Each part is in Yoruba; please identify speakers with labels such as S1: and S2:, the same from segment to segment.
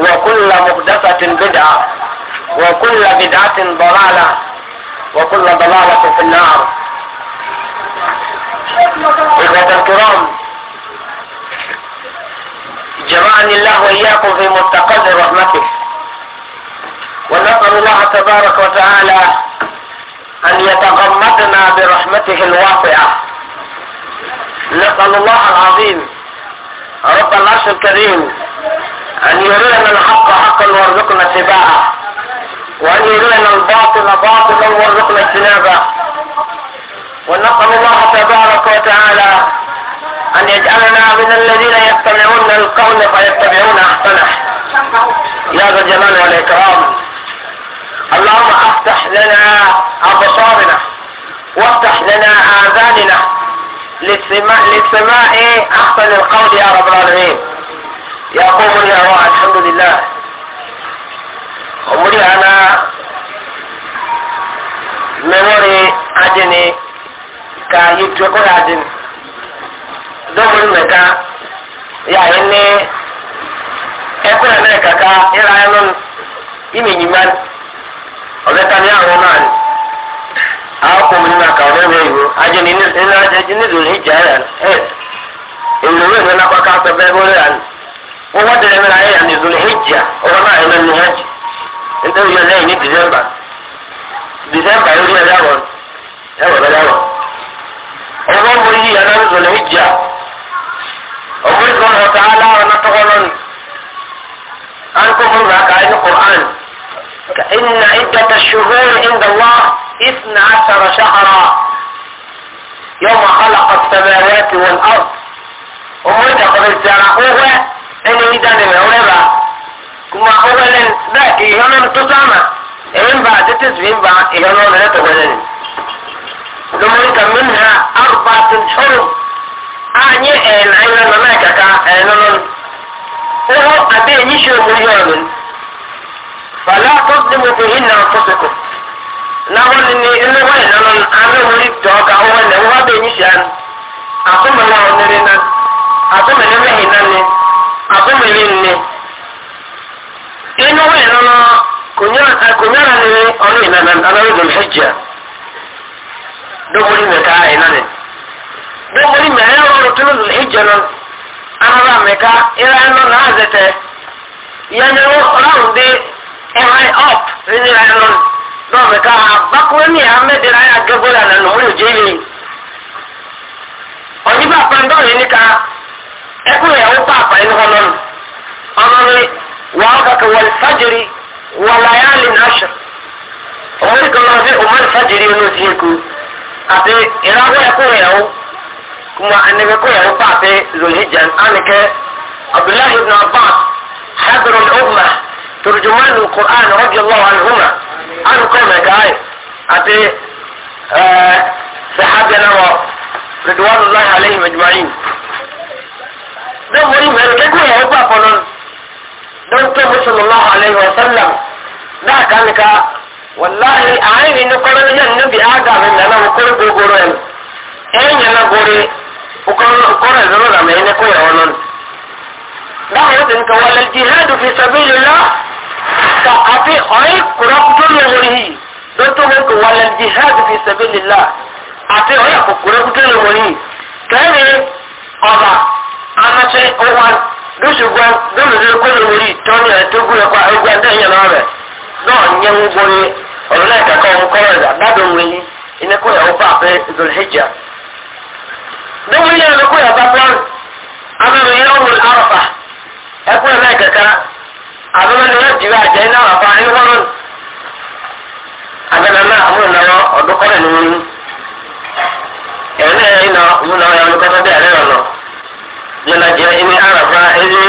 S1: وكل مقدسة بدعة وكل بدعة ضلالة وكل ضلالة في النار إخوة الكرام جمعني الله وإياكم في مستقر رحمته
S2: ونسأل الله تبارك وتعالى
S1: أن يتغمدنا برحمته الواسعة نسأل الله العظيم رب العرش الكريم أن يرينا الحق حقا وارزقنا اتباعه وأن يرينا الباطل باطلا وارزقنا اجتنابه ونقم الله تبارك وتعالى أن يجعلنا من الذين يستمعون القول فيتبعون أحسنه يا ذا الجلال والإكرام اللهم افتح لنا أبصارنا وافتح لنا آذاننا لسماء, أحسن القول يا رب العالمين ya kọ́ mọ́rí àwọn alhamdulillah ọmọdé àná mẹ́wọ́rì adìní ka yìtú ẹ̀kọ́ yà adìní ya mẹ́ka yà yín ní ẹ̀kọ́ yà mẹ́rẹ̀ kàkà ìlà ẹ̀rọ ìmì nyìmá ọ̀bẹ̀ta ní àwọn ọmọ àná àwọn kọ̀ọ̀mù nínú àkàwọn ẹ̀rọ ìwò adìní nínú adìní nínú ìjà rẹ̀ ẹ̀ èlò rẹ̀ ní ẹ̀nà kọ́kọ́ àtọ̀ bẹ́ẹ̀ bọ́ọ̀lù yà ni. wọ́n wá dẹ̀rẹ̀ mẹ́ra ẹ̀yà ní ìzòlè hijja ọ̀rọ̀ náà ẹ̀rọ ní hajj nítorí yóò lẹ́yìn ní december december yóò lé ẹ̀dáwọ̀ ẹ̀wọ̀ ẹ̀dáwọ̀ ọ̀rọ̀ mọ̀ yìí yàrá ní ìzòlè hijja ọ̀gbìn kan náà ta aláwọ̀ náà tọ́kọ́ lọ́nù عنكم ركع القرآن إن عدة الشهور عند الله اثنى عشر شهرا يوم خلق السماوات والأرض ومن قبل سرعوها ɛnɛ yi da ne mɛ ɔwɛ ba kuma ɔwɛ lɛ bɛ ihɔ nɛ tó sáma ɛyɛ ba tètè sùn ba ihɔ nɛ ɔmɛ lɛ tɔwɛ lɛ ni lomori ka mi na aruba ti tsoro a nye ɛna ayɔ nɔ n'a kaka ɛnɔ nɔ ɔwɔ abe yi si omo yɔ ɔlò ni fala tó ti mo fi hin na fosoko ni ni ɛnɛ wɔ abúmìlì nne inú wẹ̀ nínú kònyára nínú ọ̀nà ìlànà aláwọ̀dùn hijja dókòrí mẹ́ta ìlànà dókòrí mẹ́rin ọ̀rọ̀ tó lọ́dún hijja na ahọ́rọ̀ ya ìlànà ẹ̀nà náà zẹ̀tẹ̀ yẹnu ọ̀làwùn dé ẹ̀hán ọ̀p nínú ìlànà náà mẹ́ka àbákúrẹ́ ní àmẹ́dẹ̀rẹ́ na ẹkún ìyàwó pàápàá ẹni wọn lọ́nu ọmọ mi wàá kàkà wọlé fàjìrì wàlá yà lè nàṣà ọmọ mi kàn lọ́wọ́ sí ọmọ mi fàjìrì ẹni ó ti yẹ kú àti ìràwọ̀ ẹkún ìyàwó kuma ẹnìkẹ́ kún ìyàwó pàápàá zòlíjà ànìkẹ́ abdullahi ibn abbas hadrul umma turjuman al-qur'an radiyallahu anhuma anu kọ́ mẹ́gáyé àti eh, sahabiyana wa ridwanullahi alayhim ajma'in zai wuri mai rikiku ya yi kwakwalon don ke musulman alaihi wasallam da kanika wallahi a ainihin na kwanar yan na biya ga min da na hukumar gogoro yan yan yana gore hukumar zuru da mai na koya wannan da hutun ka walal jihadu fi sabilillah ka afi oyi kurakutu ne wuri don to mun ka walal jihadu fi sabilillah afi oyi kurakutu ne wuri kai ne ọba anọchi ụwa dụchigwa dụmụzi kwelomeri tọnya togwurekwa egwu adịghị n'ọrịa dọọnye ngwonye ọlụlẹka ka ọmụkọrọza dadomweyi inekwu ya ụpa apị ya abụrụ ihe arafa ya abụrụ ndị jiri aja ị na-arafa ịhụrụ aganana amụrụ na ọdụkọrọ n'onwe ẹ̀ yana imi arafa ezi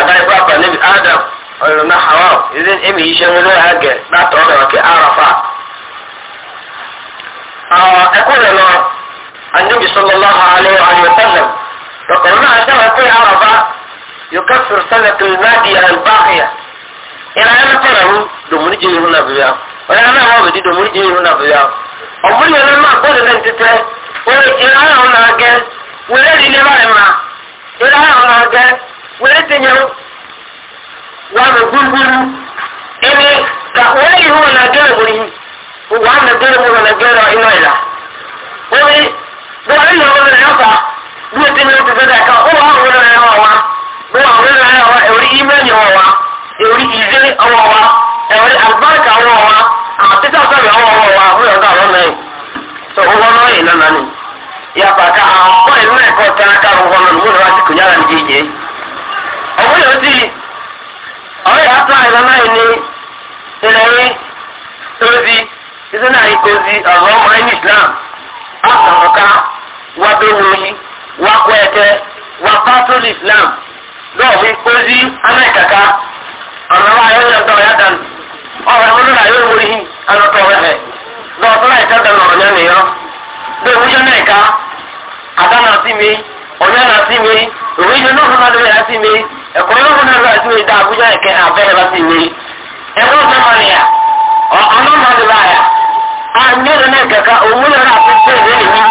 S1: agaifa pa nabi adam ọ̀rọ̀ na haram ezi imi yi ṣẹ́mi lórí agẹ̀ láti ọ̀dọ̀ ọ̀kẹ́ arafa. ẹkú rẹ̀ lọ anabi sallallahu alayhi wa sallam lọkọ̀ náà sábà pé arafa yóò kásìrì sálẹ̀ tó nàdí àlùbáàkìyà ìlà ẹni tọ̀rọ̀ mu domini jẹ́ ihu na bìbíà ọ̀yà náà wọ́n bẹ̀ di domini jẹ́ ihu na bìbíà ọ̀múlẹ̀ náà má gbọ́dọ̀ náà tẹ́tẹ́ wọ́n ìlà ẹ̀rọ náà gẹ́ wọ́n lé ìlà àwọn ọ̀gá wọlé ti yẹn wà mí gbúgbúrú ẹni ka wọlé yìí wọn nà gẹ́rẹ́ wọlé yìí wà mí gẹ́rẹ́ wọn nà gẹ́rẹ́ iná ìlà wọlé wọlé yìí wọn nà yọ̀fà bí o ti ní o ti fẹ́ dà ká ó wà wọn nà yọ̀ wá bí wà wọn nà yọ̀ wá èwúrí ìmẹ́lì wọ̀ wá èwúrí ìdílé ọwọ́ wá èwúrí àlùbáríkà wá àtẹ́tẹ́ àtàlẹ̀ ọwọ́ wọ̀ wá wọ́n yọ̀ na ya yapata ambo eluna ekotana karuhono lumuno lwaki kunyala na omuyo ti oyo atwaila naini sinayi na isinayi kozi ọlọmọ ẹni islam asọmọka wabenuyi wakwete wapatul islam lọọfi kaka, amẹkaka ọlọmọ ayọyọ ntọ ya dànù ọwọ ẹmúlò ayọyọ wọlé hi anọtọ wẹhẹ lọọtọ láyé tẹ dànù ọnyá nìyọ bẹ́ẹ̀ wíjọ́ náà ká àtàlà sí mi ọ̀nà náà sí mi òwe ìjọ náà fún adúlẹ̀ náà sí mi ẹ̀kọ́ náà fún adúlẹ̀ sí mi dá àbújá ẹ̀kẹ́ abẹ́rẹ́ bá sí mi ẹ̀kọ́ náà máa nìyà ọ̀nà máa dùn báyà ànyẹ́rẹ́ náà kẹ̀kẹ́ òun náà fi pé ìwé nìyí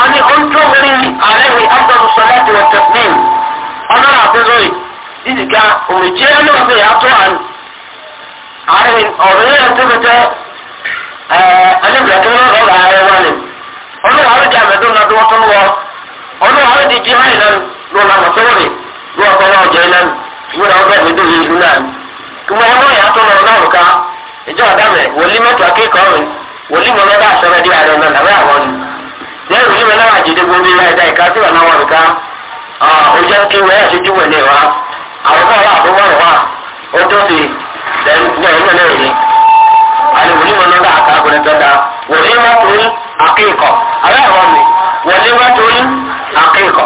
S1: àní ọ̀ntọ́wẹ́rì àrẹ́wì abdul salatu wa taslim ọ̀nà náà fi lóye ìdìgá òmìnjẹ́ náà fi yàtọ̀ àrẹ́wì ọ̀rẹ́ lọ ọ̀nà àwọn ti jí báyìí lẹ́nu ló la mọ̀ sọ́wọ́ rẹ̀ ló ọkọ̀ náà jẹ́ lẹ́nu ìwé náà bẹ́ẹ̀ dédé yìí lù náà kùmọ̀ ọ̀nà ìyá tó lọ náà ká ìjọ àdámẹ̀ wòlí mẹ́tò akéèkọ́ mi wòlí mọ̀ mẹ́ta àṣọrẹ́ di àrẹ náà làwẹ́ àwọn ni lẹ́yìn wòlí mẹ́ta wà jìdí gbogbo ìyá ẹ̀dá ìka tí wà náà wà nìka ojú kí wọ́n yà sí jù wẹ̀lẹ̀ wa àwọn bá wà walimatun aqiqa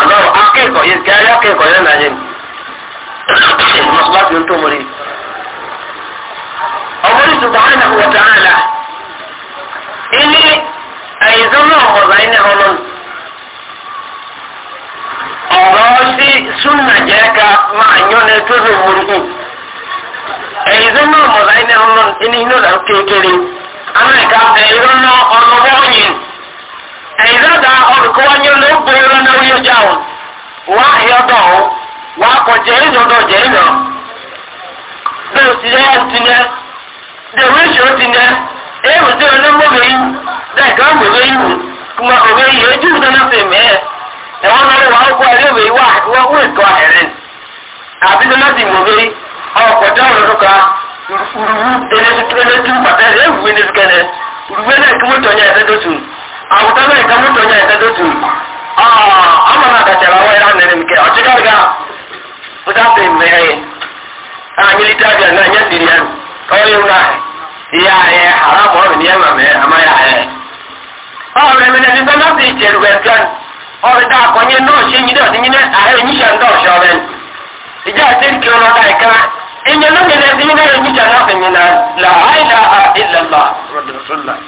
S1: agbáwo aqiqa yìí kí ayé aqiqa yẹn nà yẹn mọ̀sálásí tó mọ̀rí. ọmọdé subhanahu wa ta'ala ilé àyèzọ́ náà ọ̀rọ̀ iná ọlọ́run ọ̀rọ̀ sí súnà jẹ́ ká máa yọ́nà tó lè mọ̀rí ẹ̀yìnzó náà mọ̀lá iná ọlọ́run inú iná là kékeré anáìka ẹ̀yìnzó náà ọlọ́wọ́ yìí. ẹ̀yìnlọ́dà ọ̀dùkọ́wáyé ló ń pèrè lọ́nà orí ọjà ọ̀hún wá ẹ̀yọ́dọ̀ ọ̀hún wá kọ̀ jẹ́ ìdọ̀dọ̀ jẹ́ ìnà bẹ́ẹ̀ sì yẹ́ ẹ̀ ti yẹ dèwé ṣe ó ti yẹ èèmù tí wọn ló mọ̀gbẹ́ yìí dẹ́ẹ̀ká mọ̀gbẹ́ yìí kùmà òwe yìí ojú ìdáná fè mẹ́ẹ̀ ẹ̀wọ́n náà lè wà kọ́ àbí awutana ika muto nya ita dotu ah ama na kachara wa ira nene mke achiga ga puta pe mehe a milita ga na nya dirian oyo na ya ya haram wa ni ma me ama ya ya ah le me ni na ti cheru ga kan o da ko nye no se ni do ni ne a he ni shan do sho ben ija tin ki ona da ka inye no ne ni ne ni shan na ni na la ilaha illa allah rasulullah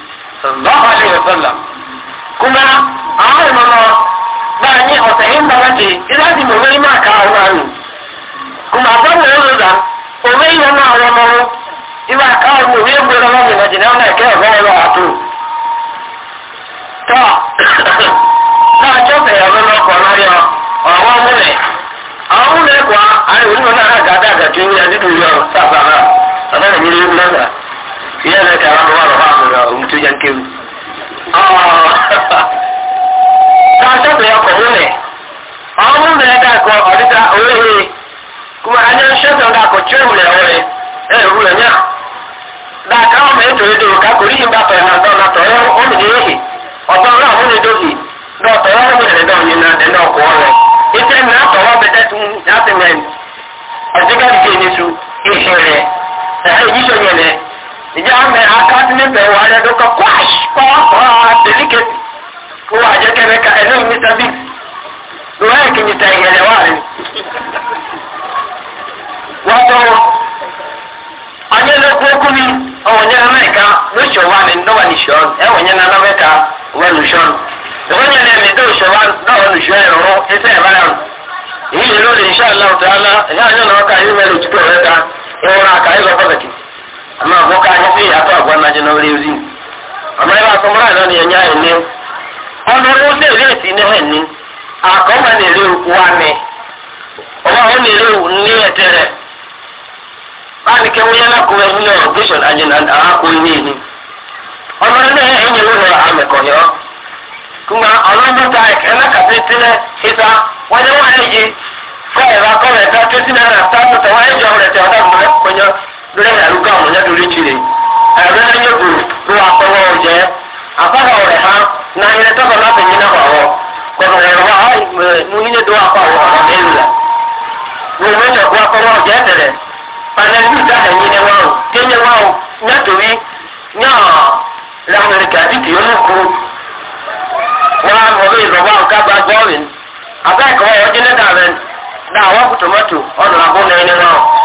S1: sallallahu alaihi wasallam kuma àwọn ìmọ̀mọ́ bá ní ọ̀sẹ̀ yìí ń bára kì í láti mọ̀ wẹ́rí máa ka àwọn àmì kuma àbọ̀wò olùdá òwe yẹn náà rẹ mọ́ ìwà àkáwọn ọmọ òwe gbé ọmọ mi lọ́jì náà náà kẹ́ ọ̀gá ọ̀rọ̀ àtò tọ́ náà jọ́fẹ̀ ọ̀rọ̀ lọ́kọ̀ láyọ̀ ọ̀wọ́ múlẹ̀ àwọn múlẹ̀ kọ́ àrùn onímọ̀ náà gàdá àgàtú ní adídùn yọ sábà náà ọ̀dọ́ ìyẹn lẹ́kẹ̀ẹ́ kasafin ọkọ̀ wúlẹ̀ ọmọ mẹ́rin dàgbọ́ ọ̀dídà òwúrẹ̀ kuma anyị nshọtọ dàkọ̀ tí òwúrẹ̀ ọ̀rẹ̀ ẹ̀ wúlẹ̀ nyà dàkà ọmọ ètò èdè òkà kò ríhìn bàtọ̀ ẹ̀ nàdọ̀ nàtọ̀ ẹ̀ ọmọ èhì ọ̀tọ̀ ọ̀rọ̀ ọmọ èdè òbí dọ̀tọ̀ ẹ̀ ọmọ èdè òbí nà ẹ̀ nà ọkọ̀ ọ̀rẹ̀ ètè nà àtọ̀wọ́ bẹ̀tẹ̀ tún yàtìmẹ̀ ìjà mẹ akadini bẹ wà lẹ dọkọ kwash kọwakọwa delikate kó wà jẹ kẹmẹ ka ẹnu mr big
S2: lọ yẹ kí mr ìyẹlẹ wà rẹ
S1: wàtọ ọnyẹ lẹkọọkọ mi ọwọnyẹ amẹka lọsọ wa ni ndọba ni sọ ẹwọnyẹ nana mẹka wọn lu sọ ìwọnyẹ nẹ mi dọwọ sọ wa náà wọn lu sọ yẹ rọrọ ẹsẹ ẹ bá yà èyí yẹn lórí iṣẹ aláwọ tó yà lá náà ká yẹ wẹlẹ àmọ́ àgbọ̀ e anyị ní sí ìyàtọ̀ àgbọ̀ ńlájẹ́ náà rí rí àmọ́ a bá sọ na náà nìyẹn yá ẹ̀ní ọ̀nà ó lè rí èsì ní ẹ̀ní àkọ́mọ na rí òkú wa ní ọmọ àwọn lè rí ihe ní ẹ̀tẹ̀ rẹ̀ báyìí kẹ́wọ́n yẹn lákòó ẹ̀yìn náà ọ̀gbẹ́sọ̀n àjẹ́ ihe ilé ni ọmọ kuma ịsa. nwanyị lórí ẹ̀yà ló gáwọn ọ̀nyá lórí ìtìrè ẹ̀rọ ẹni yóò gbòòrò ló wà pẹ́wọ́ ọ̀jẹ́ àfáwọ̀ rẹ̀ ha náà yẹn tọ́kọ̀ láti yín náà wọ̀ kọ̀ọ̀kan ẹ̀rọ wa mú yín tó apá wọ̀ ọ̀nà ẹ̀rù la wọ́n mú yín ọ̀gbọ́n pẹ́wọ́ ọ̀jẹ́ ẹ̀tẹ̀rẹ̀ pàtẹ́lí ìdá ẹ̀yin ni wọ́n kéye wọ́n nyàtòrí nyà lamẹ́ríkà dìkì yóò kú wọ́n mọ̀ bí ìrọ̀bọ̀ àgbà gbọ́ọ̀rìn àbẹ́ẹ̀kọ́ ọ̀jẹ́ nẹ́ta rẹ̀ dà wọ́n kú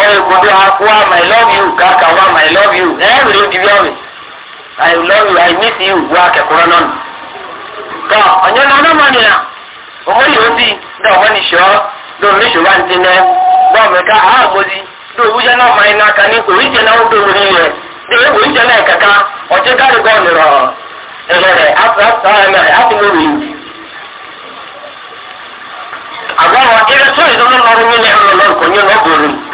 S1: ọyọ gbogbo akọ am i love you kaka wa i love you ẹ ẹ i love you i miss you wa kẹkọrọ náà tọ ọnyẹ náà ọmọ nìyà ọmọ yìí ó sì dá ọmọ nìṣọ dó ti nẹ bọ a mọzi dó owó jẹ náà máa iná kan ní jẹ náà ó dó orí rẹ dé ewu jẹ náà kàkà ọjọ káàdì gọọmù rọ ẹrẹ rẹ na ẹmẹ afọ yìí. àgbà wọn ilé tó ìdánwò lọrùn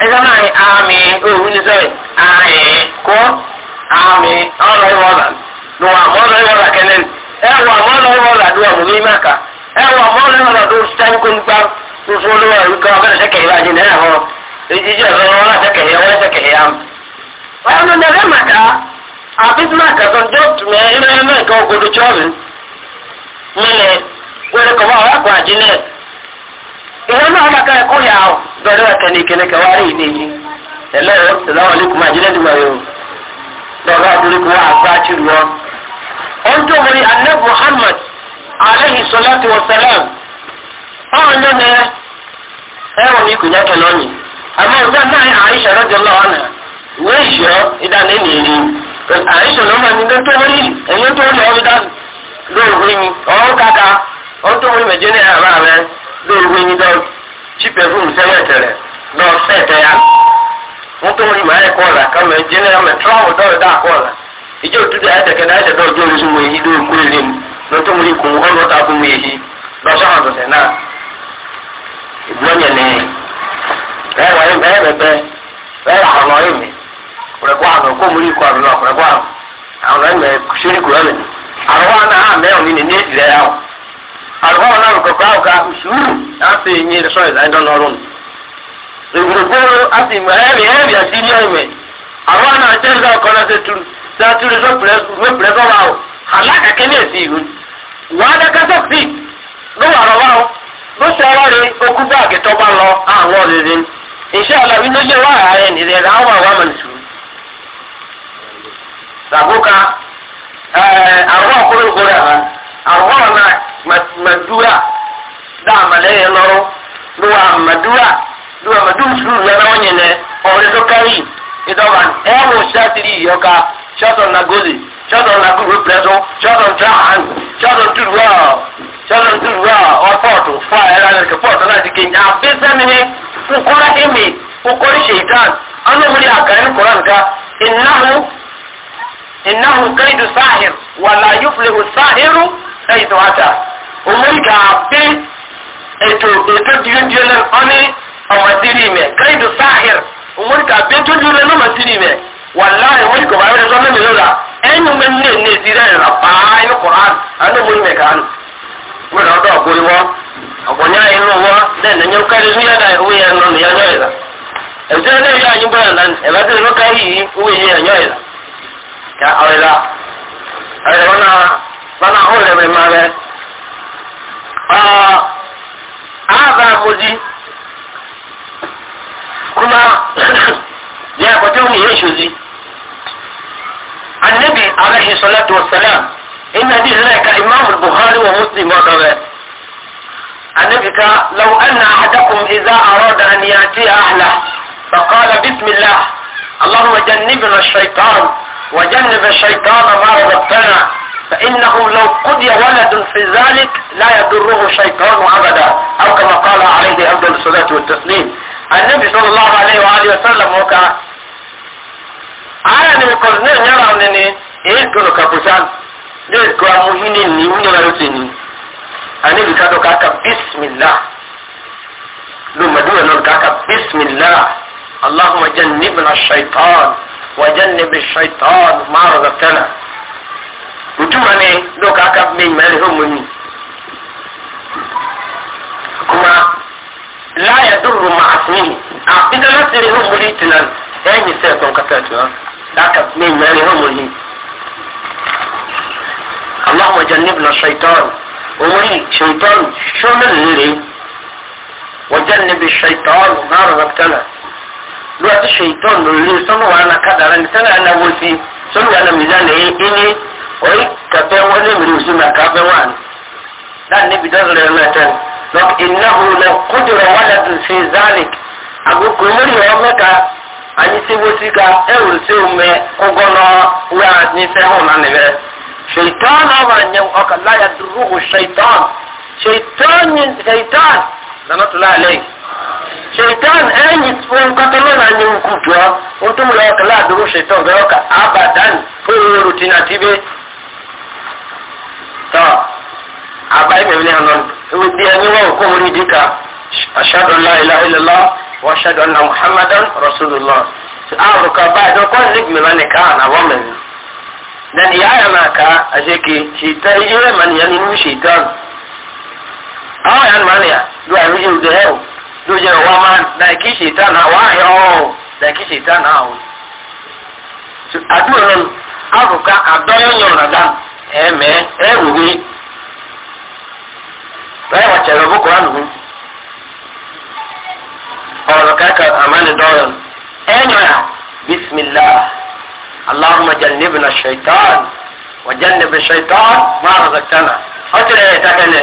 S1: ẹgbẹ náà ni àmì òwú ni sọyì àmì kọ àmì ọlọ ìwọ ọlà ni wà mọ ọlọ ìwọ ọlà kẹlẹ ni
S2: ẹ wà mọ ọlọ ìwọ ọlà ni wà mọ ní màkà
S1: ẹ wà mọ ọlọ ìwọ ọlà tó sẹni kó nípa tó fún olówó ẹrú kan ọbẹ lẹsẹ kẹyìn láti nẹ ẹhọ ejijì ẹsẹ wọn lẹsẹ kẹyìn wọn ìwọ náà wọn kà ẹkọ yà ọ bẹ̀rẹ̀ wà kẹne kẹne kẹ wàá rí ìdí yìí ẹlẹ o sàlámù aleykum àjẹlẹ dùmọ yòó dọwọ àdúrà kò wà àgbà tìrù wọn. ó tó wọn ni anẹ muhammad aleyhi salatu wa salam ọ̀hún ní ọ̀nà ẹ wọn ní kùnyà kẹlẹ ọ̀nì àmọ́ ìgbà náà ní àyíṣà rẹ̀ jọlọ ọ̀nà ìwé ìṣọ́ ìdáná ènìyàn àyíṣà ló máa ní ló tó wọn yìí ẹ̀yìn tó wọn lọ́wọ́ mi dá lóòrùn mi ọ̀hún kàkà ó tó wọn mẹ̀jẹ̀ lórí wíyín lọ tí pẹ̀fúm sẹ́yìn tẹ̀lẹ̀ lọ sẹ́ẹ̀tẹ̀ ya wọ́n tó ń rí màá ẹ̀kọ́ ọ̀la kàmẹ́ jẹ́nẹ́rà mẹ́ tọ́wọ́ dọ́rọ̀ dá àkọ́ ọ̀la ìjọ òtútù ayẹ́tẹ̀kẹ́ náà ẹ̀ṣẹ̀ dọ́jọ́ orí sunwó èyí lórí kúrò lé mu tó ń rí kùn fún mi èyí alùpàá náà nǹkan kọ́ àwòká sùúrù àti ìyìn ìrẹsọ ìdájọ́ náà lónìí. ìgbòkúrò àti ìmọ̀ ẹ̀rì ẹ̀rì àti ilé ìmẹ̀ àwọn náà ṣe ń dá ọkọ náà ṣe tu ṣáàtú rẹ lọ́pẹ̀rẹ́ sọ́wọ́ àwọ̀ alákàkẹ́ ní èsì ìlú. wàá dákẹ́ sọ́ọ̀sì ló wà lọ́wọ́ o ló ṣe ọwọ́ rẹ okú bá àgẹ́tọ́ bá lọ àwọn òrèrè iṣẹ́ ọ̀làwí ló lé wá ààrẹ nìrẹ̀ ráwọ̀ àwọn àmọ̀ nìṣú. sàbóka àwọn madura da amale ya loro duwa madura duwa madum suru na na onye ne ore do kari idoban ewo shatiri yoka shoton na gozi shoton na guru preso shoton trahan shoton turuwa shoton turuwa or porto fa era na ke porto na di kenya pesa mene ukora eme ukori shaitan anu muri akarin quran ka innahu innahu kaidu sahir wala yuflihu sahiru aitu hata òun ga bí ètò ètò dìrìndìrì lẹ́nu ọ́ní ọmọdérì mẹ́ kẹ́hìndù sáhìr òun ga bí ètò dìrìndìrì lẹ́nu ọmọdérì mẹ́ wàláyé wọ́n kọ̀ báyọ̀ lọ́nà mi lọ́la ẹ̀yìn mi ní ènìyàn ti rẹ̀ rà pàá inú koran àná mo ní mẹ́ kàánù wọ́n lọ dọ̀ ọ̀gbọ́n wọn ọ̀gbọ́n yá inú wọn lẹ́nu ẹ̀yìn kárí ní yàrá ìwé yẹn nọ nìyẹn yọ ìlà ẹ̀jẹ̀ náà yọ àyìn bọ́yà náà ẹ̀bá tí ló káyì yìí ìwé yẹn yọ ìlà kà ọ̀rẹ́lá ọ̀rẹ́lá wọn náà wọn náà ó lẹ́mẹ̀ẹ́ máa rẹ̀ aza muji kuma ya kwato mu ya shuzi annabi alaihi salatu wassalam inna bi zalika imam al-bukhari wa muslim wa qala annabi ka law anna ahadakum idza arada an yati ahla faqala bismillah اللهم جنبنا الشيطان وجنب الشيطان ما رزقتنا فإنه لو قضي ولد في ذلك لا يضره شيطان أبدا أو كما قال عليه أفضل الصلاة والتسليم النبي صلى الله عليه وآله وسلم وكا أنا نقول يرى أنني إيكو كابوسان ليكو إيه أمهيني ونرى يتيني النبي كادو كاكا بسم الله لما دون نقول كاكا بسم الله اللهم جنبنا الشيطان وجنب الشيطان ما رضتنا ujuma ne doka aka me imani homoni kuma la ya duru ma asmihi a ah, ida na siri homoni tinan ya yi sai ton kata tuwa ah. aka me imani homoni اللهم جنبنا الشيطان ومري شيطان شو من اللي وجنب الشيطان ما رزقتنا لو الشيطان اللي سمو انا كذا انا سمع انا وفي سمع انا ميزان ايه oyi kafɛ wale miri usi na kafɛ wani dan ne bi dɔn lɛ mɛ tɛn donc innahu la kudura wala tun fi zalik ago kumuri yɔ mɛ ka anyi se wosi ka ɛwuri se o mɛ wa ni fɛn o na ne shaitan awa nyɛ ɔka la ya duruhu shaitan shaitan ni shaitan nana tula ale shaitan ɛnyi tun katolo na nyɛ nkutuwa ntumula ɔka la duruhu shaitan bɛ abadan fo yoro tibe tọ́ àbáyé mi ní àná ewu di ẹni wọn kó wọn ní dìkà ashhadu an la ilaha illallah wa ashhadu anna muhammadan rasulullah àwọn kan báyìí tó kọ́ ní gbìmọ̀ ní ká àná wọ́n mẹ́rin
S2: dani ya yà máa ká
S1: àṣekè ṣètà ìyẹ́rẹ́ màá nìyẹn nínú ṣètà àwọn yà máa nìyà ló àrùn yìí òde ẹ̀ o ló jẹ́ ọ̀wá máa dàì kí ṣètà náà wà á yọ ọ́ dàì kí ṣètà náà o. àdúrà náà àbùkà àdọ́yọ̀yọ̀ rà dáa ɛmɛ ɛwuwe báyìí wọn kyerɛ bó kura nù ɔrɔ kaka amani dɔrɔn ɛnyɔra bisimilah alahuma jannibna shaitan wa jannibi shaitan ma razaqtana ɔkyerɛ yɛ ta kɛnɛ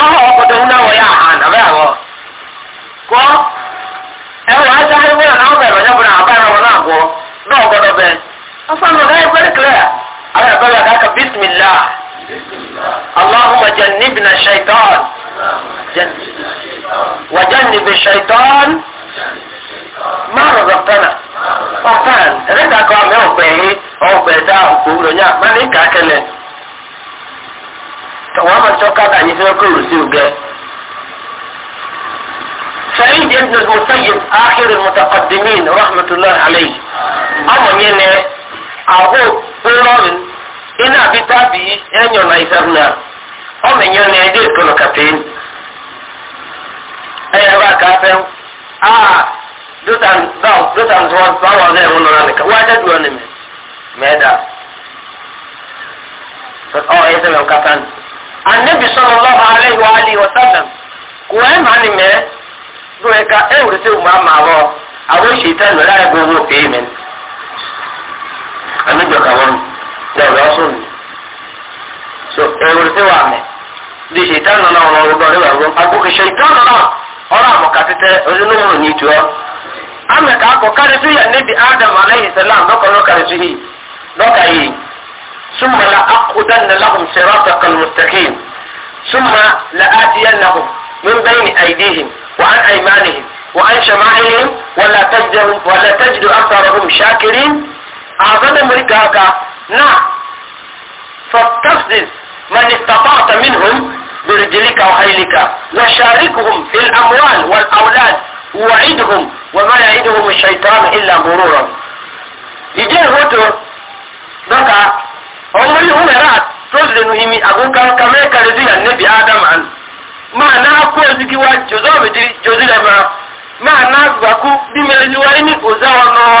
S1: awo ɔkɔtɔ wuna wɔ yɛ ahan abɛ awɔ kɔ ɛwɔ asa ayi wuna n'awo bɛ ɛrɛ ɔnyɛ bɔ na aba ɛrɛ wɔn n'agɔ n'ɔgɔdɔ bɛ afa n'ɔdɔ yɛ pɛrɛ kɛlɛ. أنا بلغ هكا بسم الله اللهم جنبنا الشيطان وجنب الشيطان ما رزقتنا ọ̀tán ẹ̀rẹ́ta kọ́ mi ọ̀pẹ̀ yìí ọ̀pẹ̀ dá òkúrò ní àpárí kàkẹ́lẹ̀ wọ́n mọ̀ tó kábà ní fẹ́ kúrò sí ògẹ́ سعيد ابن المسيب آخر المتقدمين رحمة الله عليه أما ينه يعني، أبوك nrọrin ina abita bi enyo na isabna ọmọ enyo na ẹdẹ ìkọlọ kàtẹyìn ẹyẹ bá ká fẹ aa dótan dótan tó wọn bá wọn ẹwọn nọ nìkan wọn adé dùn ọnìmẹ mẹẹdà ọ ẹyẹ sẹbẹ nkata ni anabi sọlọ lọhọ alẹ wa ali wa sallam kò ẹ má ni mẹ dùn ẹka ẹ wùdí sẹ wùmá màá bọ àwọn ìṣètò ẹ nọ láyé gbogbo pèémẹntì anagba wɔn dɛ ɔyɛ ɔso ni so ewuri ti wa mɛ di shaitan nana wɔn ɔwɔ dɔn ne wa wɔn agogo shaitan nana ɔrɔ amoka tete ɔdi ne wɔn ni tuɔ ama ka adam alayhi salam dɔkɔ ne kari tu yi dɔka la akudan na lahum sirata kalmustaqim summa la adiyan lahum min bayni aidihim wa an aimanihim wa an shama'ihim wala tajidu wala tajidu أعظم مريكاكا نا نعم. فاستفزز من استطعت منهم برجلك وخيلك وشاركهم في الأموال والأولاد وعدهم وما يعدهم الشيطان إلا غرورا يجي الهوتو بكا عمري هو رات تزلن نهيمي أقول كان كما كرزي النبي آدم عن ما نأكو أزكي واجزو بجزي لما ما ما نأكو بمرزوين أزاونا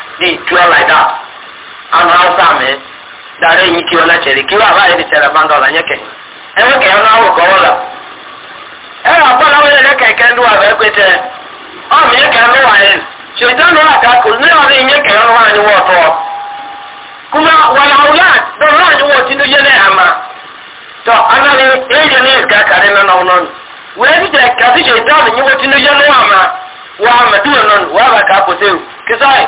S1: they pure like that and hausa mi dare yi ki wala chere ki wa ba yi chere bando la nyeke e ke na wo ko wala e ra pa la wo le ke ke ndu wa be kwete o mi ke no wa yin shetan wa ka ku ni o ni nyeke no wa ni wo to kuma wala aulad do ra ni wo tinu yele ama to anale e je ni ka kare na no no wẹ́n jẹ́ kàdíṣe ìdáàbò yíwọ́ tínú yẹ́lẹ́wà máa wà á mẹ́tí ọ̀nà wà á bàkà kò sí o kí sáyẹ̀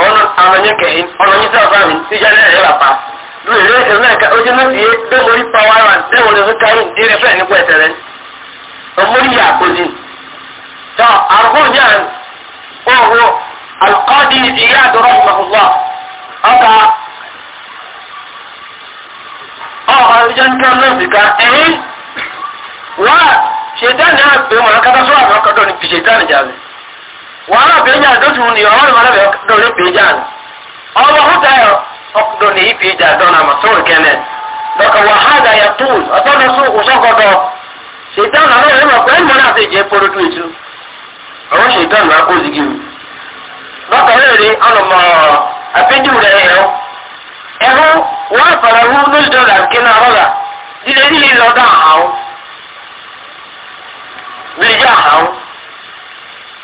S1: ọ̀nà amanyẹ kẹyìn ọ̀nà yìí sábà mi síjà lẹ́yìn rẹ̀ bàbá lórí ẹ̀rọ náà ká ojú náà tiẹ̀ pé mo rí pàwọ́ àwọn àtẹ̀wọ̀n lè fi kárí ìdí rẹ̀ fẹ́ẹ̀ nípa ẹ̀sẹ̀ rẹ̀ ọmọ rí yà àkójì tọ́ àrùn yà ọ̀hún alukọ́dì ìyá àdúrà ìmọ̀kùnkùn ọ̀ka ọ̀hún ọjọ́ nípa mẹ́sìká ẹ̀yìn wá ṣètàn náà pé wọn kátà sọ́wọ́ àwọn ọkọ̀ wàhálà bèèjà dọ́tun ni ọ̀rọ̀ ìwà lábẹ́ dọ̀rọ̀ bèèjà ni ní yí dọ́nà mà kẹ́nẹ̀ lọ́kọ̀ wàhálà yà ṣètàn náà lọ́wọ́ ètú ṣètàn náà kó zigi mi lọ́kọ̀ rẹ̀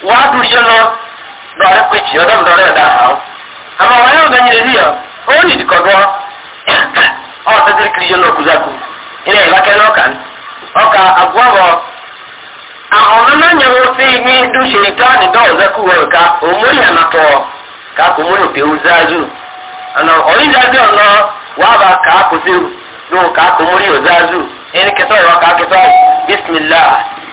S1: Wa dùn iṣẹ́ lọ lọ́rẹ́ pé jì ọlọ́run lọ́rẹ́ ẹ̀dá Ama àmọ́ wọn yóò gbẹ̀yìn lè níyàn ó ní ìdíkọ̀dọ́ ọ̀hún tẹ́tẹ́rẹ́ kiri yẹn lọ kúzákù ilé ìbákẹ́ lọ́ọ̀kà ni ọkà àgbọ̀bọ̀ àwọn ọ̀nàmọ̀nyẹ̀wò sí ní dúṣe ìtọ́ni dọ́ọ̀zẹ́kù wọ̀rọ̀ ká òmórí ànàtọ̀ ká kò mú òkè òzáàzù ọ̀nà ọ̀yíjáde ọ̀nà wàá bá ká kò sí ló ká kò mórí òzáàzù ẹni kẹtọ́ ìwà ka kẹtọ́ bísmìlá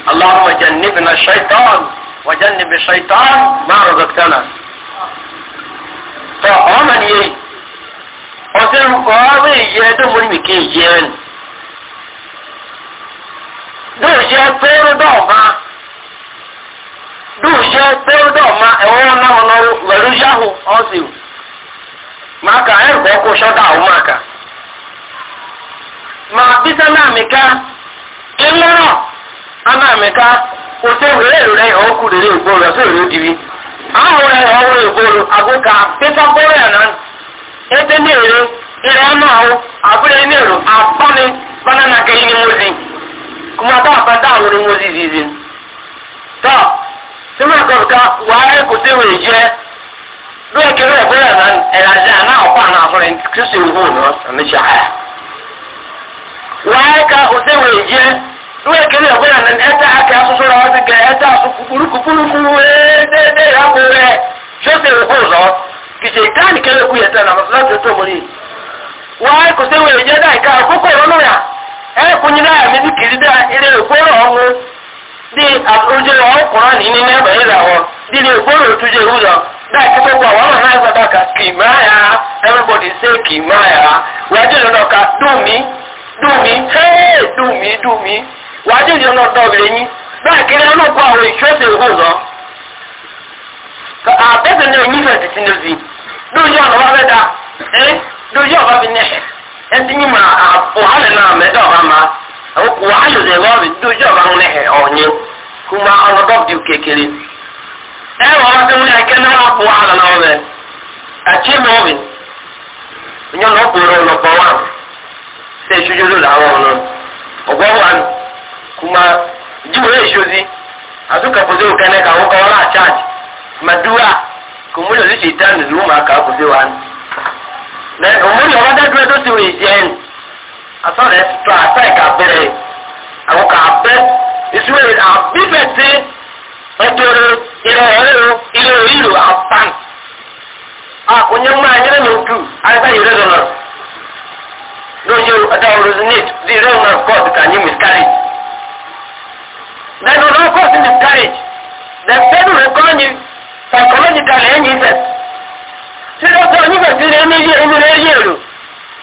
S1: aláwọ̀ jẹ̀ níbi náà ṣẹ́tọ́ọ̀nù. وجنب الشيطان ما رزقتنا فأما نيجي ọ̀sẹ̀ ọ̀rọ̀ ìyẹ́dùn mú ní kí ìyẹ́ ẹni dùn ṣe pẹ́rú dọ̀ọ̀má dùn ṣe pẹ́rú dọ̀ọ̀má ẹ̀wọ́n náà lọ pẹ̀lú yahoo ọ̀sìn maka maka ma bísẹ́ náà òtún ìwéré ìlú rẹ̀ ọ̀hún kú lèrè ìgbóòrò ọ̀sẹ̀ ìlú dìbí. àwọn ọ̀rẹ́ ọ̀hún ìgbóòrò àgùkà peter bọ́rẹ̀ àná ẹgbẹ́ na èrè ilẹ̀ ọ̀nà àwọn àbúrò ní èrò àbọ́ni banana kẹ́yìn ni mo zi kùmà bá àbádá àwọn ni mo zi zi zi. tọ́ sọ́mọ́ àkọ́kọ́ wàá rẹ̀ kò sí ìwé jẹ́ lóye kẹrẹ ìbúrẹ̀ àná ẹ̀rọ àná ọ̀pọ̀ àná àfọ̀rẹ́ kristu ìwé òun náà àmì ṣàhà. wàá rẹ̀ wọ́n kéré ẹ̀fọ́ yàrá ní ẹ̀ta àkẹ́ asọ́sọ́ra wọn ti gẹ̀ ẹ̀ta asọ́kùkùrùkù fúrukù ẹ̀ẹ́dẹ́dẹ́ ìyàpò rẹ̀ ṣọ́ọ̀ṣì rẹ̀kọ́ ọ̀zọ́ kìtì ìtàn kẹlẹ́kù yẹn tẹ̀lé àwọn fúláṣí tó mọ́lẹ̀ wọ́n á kò sí wèrè jẹ́ dá ìka àkókò ìrọ́nù yà ẹ̀ kú ní láyà mi kìrì dá ilé ìkóró ọ̀hún bí àtúnjẹ ọkùnrin ní ní nẹ́ẹ̀bà ìlà wọn bí ilé ìkóró òtúnjẹ ìwú lọ dáì kí gbogbo àwọn ọ̀rọ̀ náà gbọ́dọ̀ ká kì máa yà á everybody say kì máa yà á wájú lọ́dọ̀ ká dùn mí dùn mí hey dùn mí dùn mí. wàá jẹ́ ìdíwọ́n náà dọ́ọ̀bì lẹ́yìn bẹ́ẹ̀ kí ni wọ́n kó àwọn ìṣọ́ọ̀sì ìhùn lọ. àbẹ́sẹ̀ náà yín fẹ̀sì sí lóṣì lóṣì ọ̀nà wà fẹ́ta ẹ́ fi nẹ̀ẹ̀ ẹ́ ti yín mà àpò hàlẹ̀ náà mẹ́ta ma wà á yòzẹ̀ lọ́ọ̀bì lóṣì ọ̀fà ń nẹ̀ẹ̀ ọ̀nyẹ́ kó máa ọ̀nà dọ́ọ̀bì kékeré. ẹ wọ́n wá sí wọn ẹ̀kẹ́ kuma jiwe shozi a suka ku zai kane ka wuka wala a charge madura kuma da zai ta da zuma ka ku zai wani na ga mun yawa da dole to tiwe jen a so da to a sai ka bere a wuka abbe isuwe a bibete otoro ire ero ile a apan a kunye mma anyere na otu aka yere dọlọ n'oye ọdọ ọrụ zinit dị ire ọmọ kọt ka anyị miscarriage Then on all cause in the carriage, the same reckoning psychological engines. Ṣé lọ́sọ̀ onígbà tí ilé ní inú rẹ̀ yé rò?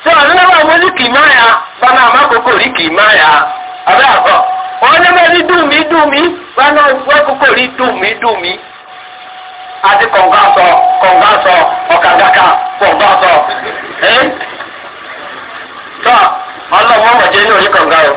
S1: Ṣé ọ̀rọ̀ náà wọ́n ní kì í máa yá? Bọ́lá àmàkókò rí kì í máa yá. Àbẹ́ àkọ́. Wọ́n ní bẹ́ẹ̀ ní dùn mí dùn mí. Bọ́lá àkókò rí dùn mí dùn mí. Àti kọ̀ǹgá sọ kọ̀ǹgá sọ ọ̀kàdàkà kọ̀ǹgá sọ. Tọ́ ọlọ́mọ mọ̀jẹ́ ní orí kọ̀ǹgá o.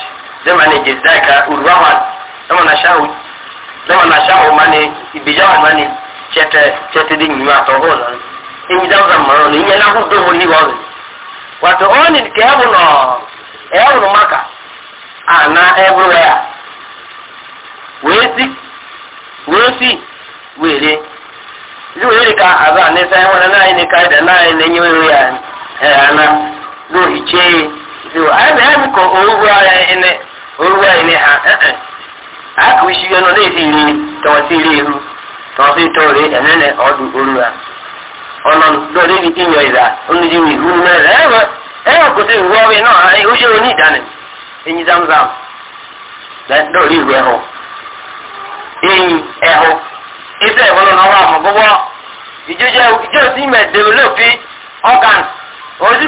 S1: zama ne jizdaka urwaha zama na shahu zama na shahu mane ibijawa mane chete chete din ni mato ho na da zan maro ni yana hu do ni wa wato oni ke no e maka ana everywhere wezi wezi wele ju wele ka aza ne sai wala na ni ka da na ne ya ana do ai ko wíwá ẹni hàn ẹ̀ẹ́n àkùn ìṣúyọ náà lè ti rí tọ̀wọ̀n sí ilé ìlú tọ̀wọ̀n sí tọ̀ rẹ̀ ẹ̀nẹ́nẹ̀ ọdún olúwa ọ̀nà náà lè fi yọ ìlà oníjì mi ìlú mẹ́rẹ̀ ẹ̀rọ ẹ̀rọ kò sí ìwọ́ ọ̀rẹ́ náà ó ṣe oní ìdáni ẹ̀yin zamzam lórí ìwé ẹ̀họ́ ẹ̀yin ẹ̀họ́ ẹ̀sẹ̀ ìwọ́lọ́ náà wà mọ̀ gbogbo ìjọ́jọ́ sí mẹ́ dèwélópì ọ̀kan òsì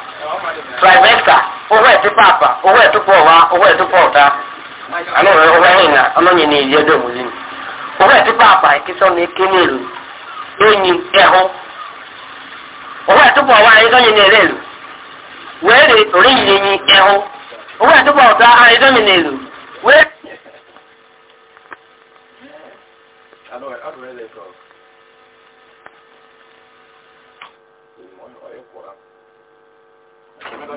S1: private ụwa etupu apa ụwa etupu ọwa ụwa etupu ọta anụrụ ụwa enyi na ọnọnye na iri edo mụzi ụwa etupu apa ekesa na eke n'elu enyi ehụ ụwa etupu ọwa ezonye na ere elu wee re enyi ehụ ụwa etupu ọta ezonye na elu wee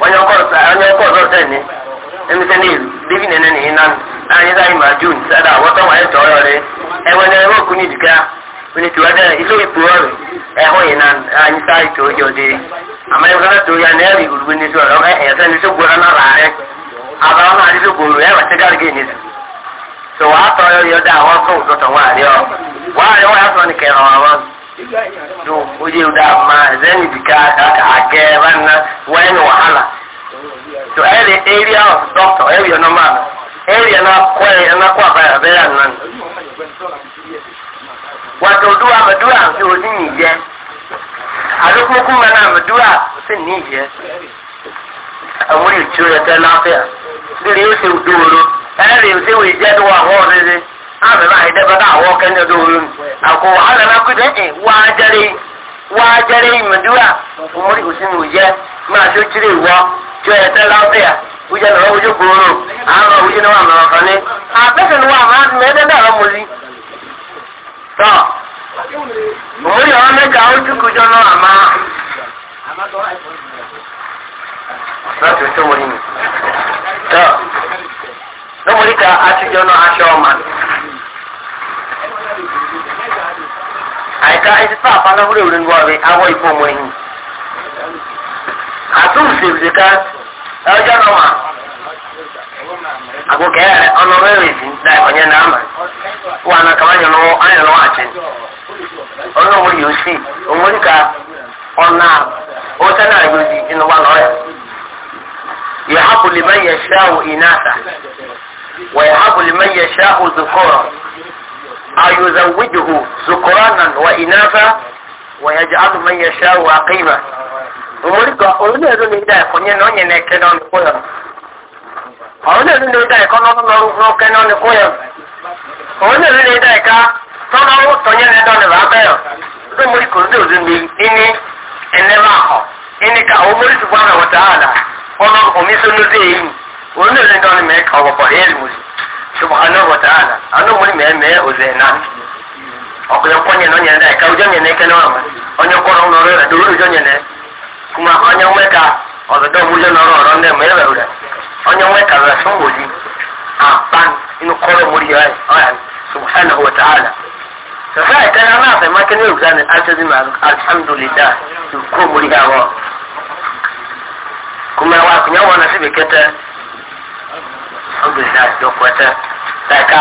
S1: onye ọkọ ọzọ tẹni emete na e bibi nene na ịna anyị zaghị ma jun sada wọta nwanyị tọọ ya ọrị enwe na ebe okwu n'idika wani iso ipu ọrị ẹhụ ịna anyị saa ito oyi ọdịrị ama ịwụ sana too ya na ẹrị gburu gburu n'isi ọrọ ẹhẹ n'isi gburu na raarị aba ọnụ gị n'isi so wàá ya ọrị ọdị ahụ ọkụ ụtụtụ nwaarị ya n'ike ọrụ ọrụ to waje da ma, zan jika da aka ake wannan wani wahala to area area of doctor area na normal, area na kwaye na kwa baya baya nan wato duwa ba duwa su ozi ni je
S2: a duk hukuma na ba duwa
S1: sun ni je a wuri ciwo ya ta lafiya dire yau sai doro ɗaya da yau sai wai jaduwa wa wani ana na ida ba da wa kan da dorin ako ana na kuda e wa dare wa dare mu dura umuri usin uje ma so kire wa jo e ta la ya uje na uje goro ana uje na wa na kan ni a be kan wa
S2: ma me da da mu ri
S1: to umuri wa me ga o ku jo na ama ama to ai láti ọjọ́
S2: wọ̀nyí ni. Lọ́mọdé ka àtijọ́ náà
S1: ba fa na hure wurin gwa be awo ifo mo yin atu se bi ka aja no ma ago ke ono re ri tin dai ko nya na ma wa na ka nya no anya no ache ono mo yu si o mo ka ona o ta na yu di inu wa no re yahabu liman yasha'u inatha wa yahabu liman yasha'u dhukura أيزوجه ذكرانا وإناثا ويجعل من يشاء عقيما omorika òun ẹ̀rọ lè dá ẹ̀kọ́ yẹn náà yẹn náà kẹ́ náà ní kó yẹn òun ẹ̀rọ lè dá ẹ̀kọ́ náà lọ́rùn náà kẹ́ náà ní kó yẹn òun ẹ̀rọ lè dá ẹ̀ka tọ́lá ó tọ́ yẹn náà lọ́rùn náà bẹ́ẹ̀ ló morika òun ẹ̀rọ lè ní ẹ̀nẹ́ máa hàn ẹni ká òun morika bọ́ àwọn ọ̀tá àdá ọlọ́run omi sọ́nù dé yìí òun ẹ̀rọ lè dá ọ̀nà mẹ́ka ọ̀pọ̀ ẹ̀rọ mùsùlùmí. subhanahu wa ta'ala anu muri me me ozena okuyo konye no nyenda ka ujo nyene ke no ama onye koro no nyene kuma onye weka ozodo mujo no ro ro ne me re ura onye weka ra sumbuli apan inu koro muri ya subhanahu wa ta'ala na na ma alhamdulillah ko muri wa kuma wa obìnrin náà jọ pẹ́tẹ́ láìka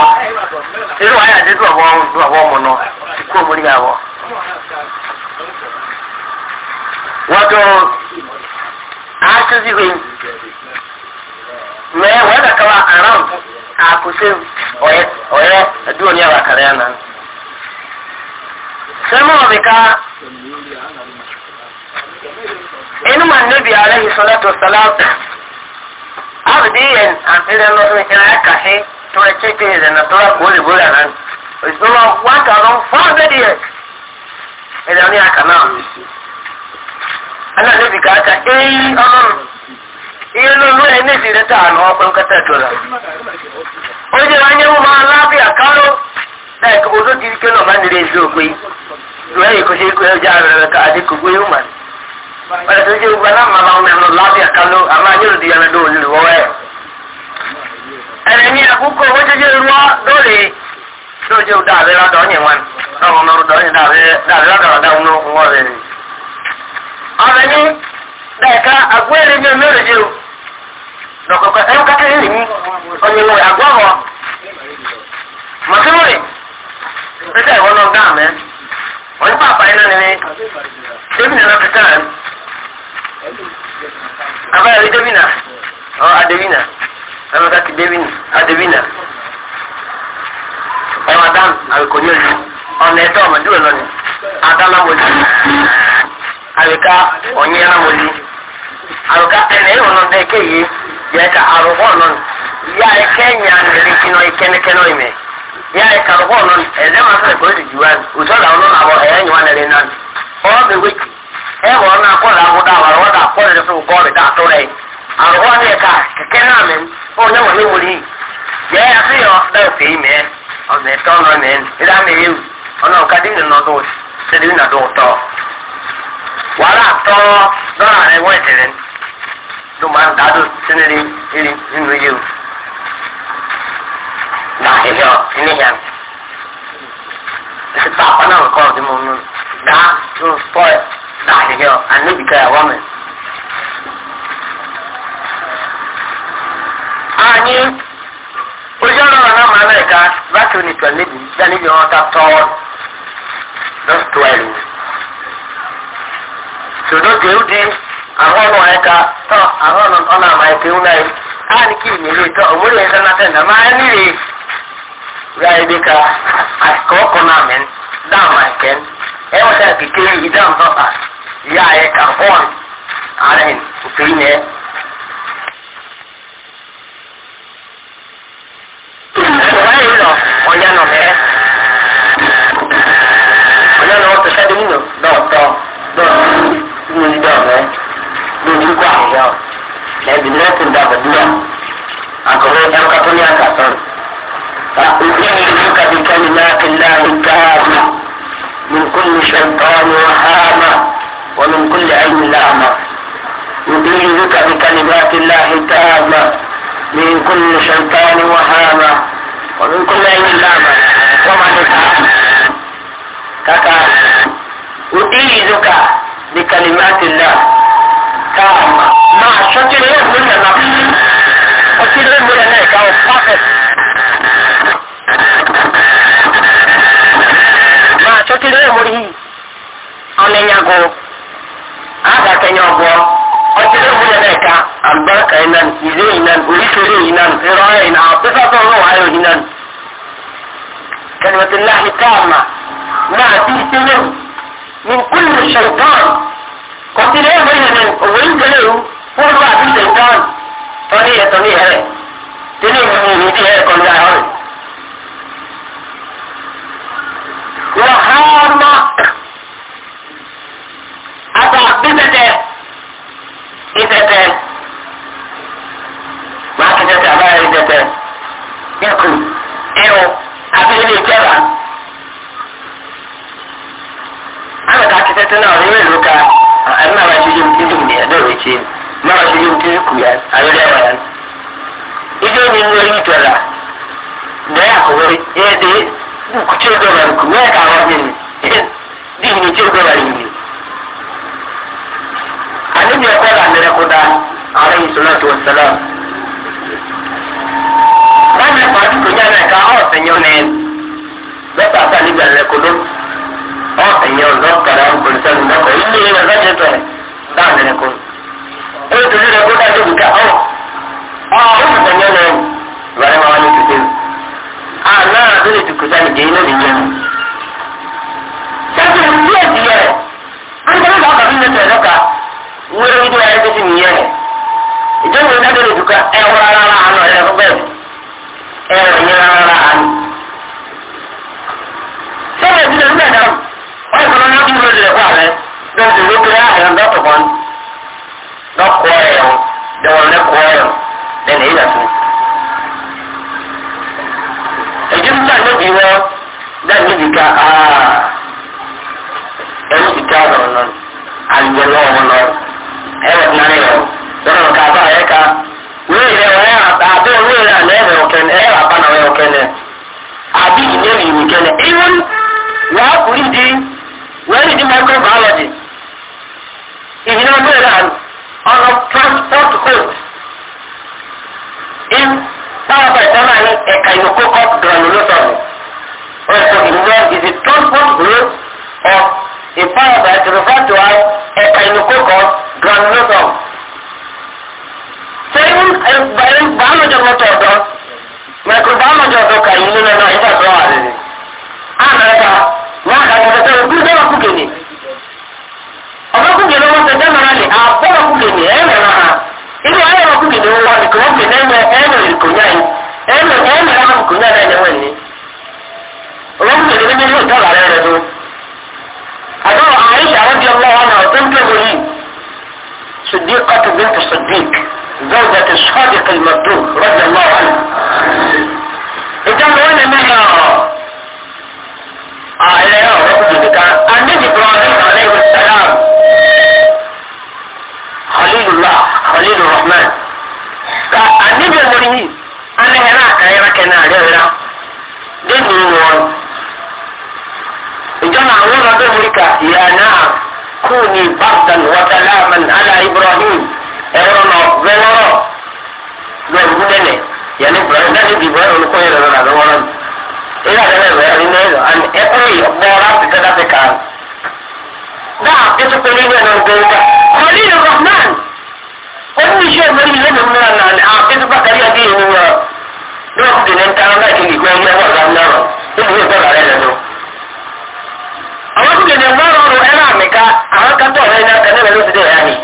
S1: irú ayé àdéhùn àwọn àwọn ọmọ náà ti kó mórí àwọ̀. wọ́n tó àtúntìwé mẹ́ wọ́n kàkà wá around àkùsẹ́ ọ̀yẹ́ ọ̀yẹ́ ẹ̀dúró ní àwọn àkàrẹ́ àná. sẹ́mu ọ̀bìkà inú màá níbi àlẹ́ ìsọ̀lẹ́tò sàlámù. abdiyen antire no ina kahe to cheke de na to gole bola nan is no one thousand four hundred e da ni aka na ana ne bi ka ka e ono iye no no e ne bi ta no ko ka ta to la o wa nyu ma la bi akaro da ko zo ti ke no ma ni re zo pe do e ko se ko ja ka ade ko ma wala to je wala ma ma me no la dia kallo amma nyiro dia na do ni wo we ene eh. eh, ni aku ko wo je ruwa dole so je da be la do ni wan no no no do ni da be da be la do ni ave ah, ni da ka agwere ni me je no ko ko e ka ke ni onye wo agwa ho ma se mo ni Ese ìwọ ní pàpà iná ni ní. Ṣé mi nìyẹn lọ fi Abaya bi Debina. Or Adebina. Ẹnu ká ti Debina. Adebina. Ẹ wà dán àlùkòyè lu. Ọ̀nà ẹ̀tọ́ ọ̀mọ̀dé wẹ̀ lọ́nà. Adana mọ̀lì. Àlùká ọ̀nyẹ́ náà mọ̀lì. Àlùká ẹ̀nà ẹ̀rọ náà ɛwɔ ɔno akɔla ahodoɔ a wɔre wɔde akɔla no so bɔɔlo da ato rɛ ahodoɔ no yɛ ka kɛkɛ no amɛn ɔnyɛ wɔ ne wuli yɛɛ ase yɛ ɔda ɔpɛ yi mɛɛ ɔmɛ tɔn no mɛn ɛda mɛ yɛ wu ɔno ɔka de ne no do sɛde bi na do tɔ wɔre atɔ dɔla rɛ wɔ ɛtɛrɛ do ma da do siniri iri nnu yɛ wu na ɛyɛ ɔ ɛne yɛ ɛsɛ na nkɔ ɔde mu no da to spoil ahyehyɛ anabi kaa wama anyi ojú ọ̀nà ọ̀nà ọ̀nà amẹ́ríkà bàtà onítọ̀ níbi dáníbi wọn ta tọ́ọ̀ lọ́sítọ́ ẹ̀rù sòdòdò ewúdi àwọn ọ̀nà ẹ̀ka tọ́ àwọn ọ̀nà àmàlẹ́kà ewu náà ani kii nyere tɔ omori yɛ sɛn atɛ nama anire yaayi de ka akɔkɔ na mɛn dama kɛn ɛwɔ sɛ kekere yi dam papa yaayɛ ka hɔn aren ofiri nɛ wɔyɛ nɔ ɔnyɛ nɔ mɛ ɔnyɛ nɔ ɔtɔ sɛ dini nɔ dɔɔtɔ dɔɔtɔ nyiri dɔɔ mɛ dɔɔtɔ kɔ ahihɛ o mɛ ebi nɛ ti da bɛ dua akɔrɔ ɛm kato ni aka sɔn fa ومن كل علم أعمى يبلغك بكلمات الله التامة من كل شيطان وهامة ومن كل علم أعمى ومن الأعمى كاكا يؤيدك بكلمات الله تامة ما شكل يوم من النبي شكل يوم من النبي أو فقط ما شكل يوم من النبي أو aga kenya ọgbọ ọtịrị ebule na-eka albarka inan ize inan orisere inan ịrọya inan apịsasa ọrụ wayọ inan كلمة الله تامة مع تيسلم من كل شيطان قلت ليه مريم وين قالوا هو الواحد الشيطان طريقة طريقة تنين من يديها كل ده táwọn ọ̀sán ìtọ́nà ní ẹ̀ka ìyókò kọ́ dọ̀nù lọ́sọ̀rọ̀ ọ̀sọ̀ ìlú is a transport group of a power that refer to as ẹ̀ka ìyókò kọ́ dọ̀nù lọ́sọ̀rọ̀. sẹ́yìn ẹgbẹ̀rún bàálùjọ mọ́tò ọ̀dọ́ mẹ̀kúrú bàálùjọ ọ̀dọ́ kà yìí nínú ẹ̀dá ìfàsọ́wọ́ àrẹ̀rẹ̀ إنما آمن الكنان آمن آمن آمن الكنان أنا واني رمض الإمام يقول طبعا أنا دول أدور عائشة رضي الله عنها وتنكر لي صديقة بنت الصديق زوجة الصادق المصدوق رضي الله عنه إذا وانا ما آه إلى يوم رفض بتاع النبي إبراهيم عليه السلام ka anibi mori yi ana hɛrɛ akayɛ ba kɛ na ale yɛrɛ de nu wɔn ìjọba àwọn ọlọ́dọ̀ mori ka yàrá kúni bàtàn wàtàlámàn ala ibrahim ẹ̀rọ nà bẹ́wọ́rọ̀ gbẹ̀rù nẹ́nẹ̀ yàrá ibrahim dáadé di ibrahim olùkọ́ yẹrẹ lọ́la bẹ́wọ́rọ̀ èyí àgbẹ̀rẹ̀ bẹ́ẹ̀ rí nẹ́rọ àni ẹ̀kọ́ yìí ọgbọ́ọ̀rọ̀ àti tẹ́lá fi kàn. dáa ètò pẹ̀lú ìwé náà gbẹ̀rù ká kọ́lí wani wishe mai yi zai nuna na da afin su bakari a biyu ne wa ne wa kudin ta na ke ni kuma ya wasa na ro ne ne ta bare da no awon kudin ma ro ro era me ka awon ka to re na ka ne lo su de ya ni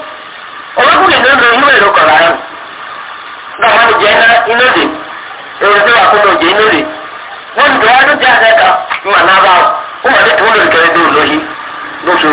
S1: awon kudin no ro yi ro ko la ran na ma lo ke do lo yi do su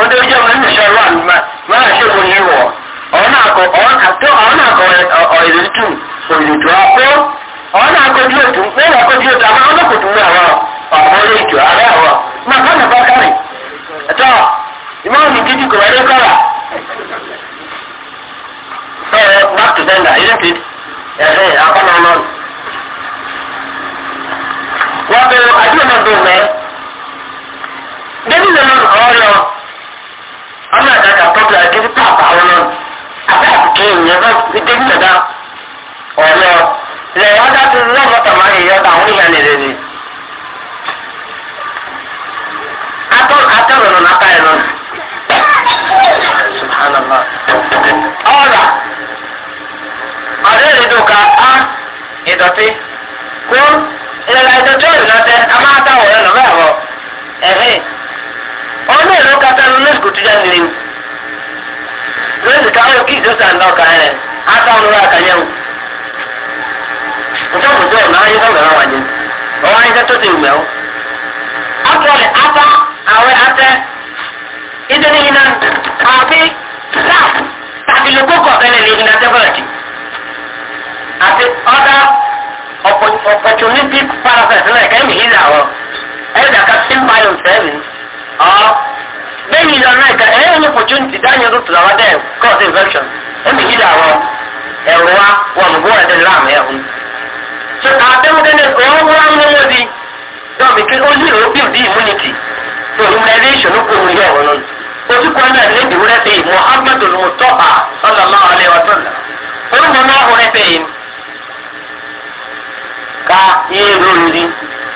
S1: ọdọ ìjọ wọn ní sọrọ àlùmá wọn àṣẹ wọn yìí wọ ọ̀nà àkọ ọ̀nà àkọ ọ̀ìrìtù òyìnbó àpò ọ̀nà àkọ bí o tún fẹ́ẹ́ àkọ bí o tún àwọn ọlọ́kùn tún wẹ̀ àwọn ọ̀pọ̀ orí ìjọ ààrẹ àwọn máa bá nàbà kárì ẹ̀tọ́ ìmọ̀ràn mi dídì kò wẹ́rẹ́ kọ́ra ẹ̀ back to sender isn't it ẹ̀hẹ́ àkọ́nà ọlọ́run wọ́n bẹ̀rẹ̀ àdúrà náà bẹ̀rẹ̀ mẹ́ ọmọ ẹ̀ka kà pọ́pùlà débi pàpà àwọn náà àbẹ́ àbùké ìyẹn bá fi débi nàdá ọ̀nà lẹ́yìn ọ̀dà tó lọ́wọ́ tàmá yìí ọ̀dà àwọn ìyá nìyẹn ni. atọ́rọ̀ nọ n'aka yẹn nọ. ọ̀dà ọ̀dà ìdìdò ká á ìdọ̀tí kú ìlànà ìdọ̀tí òyìnbó tẹ a máa táwọ̀ ẹ̀ lọ́wọ́ ẹ̀hìn ọmọ ẹ̀ ló kata ní mẹ́sìkò tó yá nílé o lóyún ká ó kí ìjọsà ń dọ́ka ẹ̀ ata ọ̀nà wa kà yẹn o ntọ́ mọ̀jọ́ ọ̀nà ayé sọ̀rọ̀ wa wáyé ọ̀wọ́ ayé tó ti wùmẹ́ o akọ̀lẹ̀ ata àwẹ̀ atẹ ìdẹ́ni yìí náà àbí sáà tàbí lókòkò ọ̀fẹ́lẹ̀ lè ní atẹ́fọ̀lẹ̀tì àti ọ̀dà opportunistic parapet náà ẹ̀ka ẹ̀mí yìí là wọ̀ ẹ̀dàkà simple and service bẹ́ẹ̀ ni ìdáná ẹ̀ka ẹ̀yẹ́ ní opportunity dáhùn tó tìlọ̀ wọ́n cause infection ẹ̀mí yíyá wọn ẹ̀rọ wa wọn bó ẹ̀dẹ̀ láàmú ẹ̀ hún. so àtẹ̀wọ́dẹ́dẹ́ kò wọ́n wọ́n mú wọn di dọ́ọ̀bì kí ó lè ó build immunity so immunization ó kó wọn yẹ ọ̀rọ̀ náà ojú kan náà lè dìbò rẹ̀ sẹ́yìn muhammadu mustapha sallallahu alayhi wa sallam ó ń bọ̀ náà rẹ̀ sẹ́yìn ká yé lórí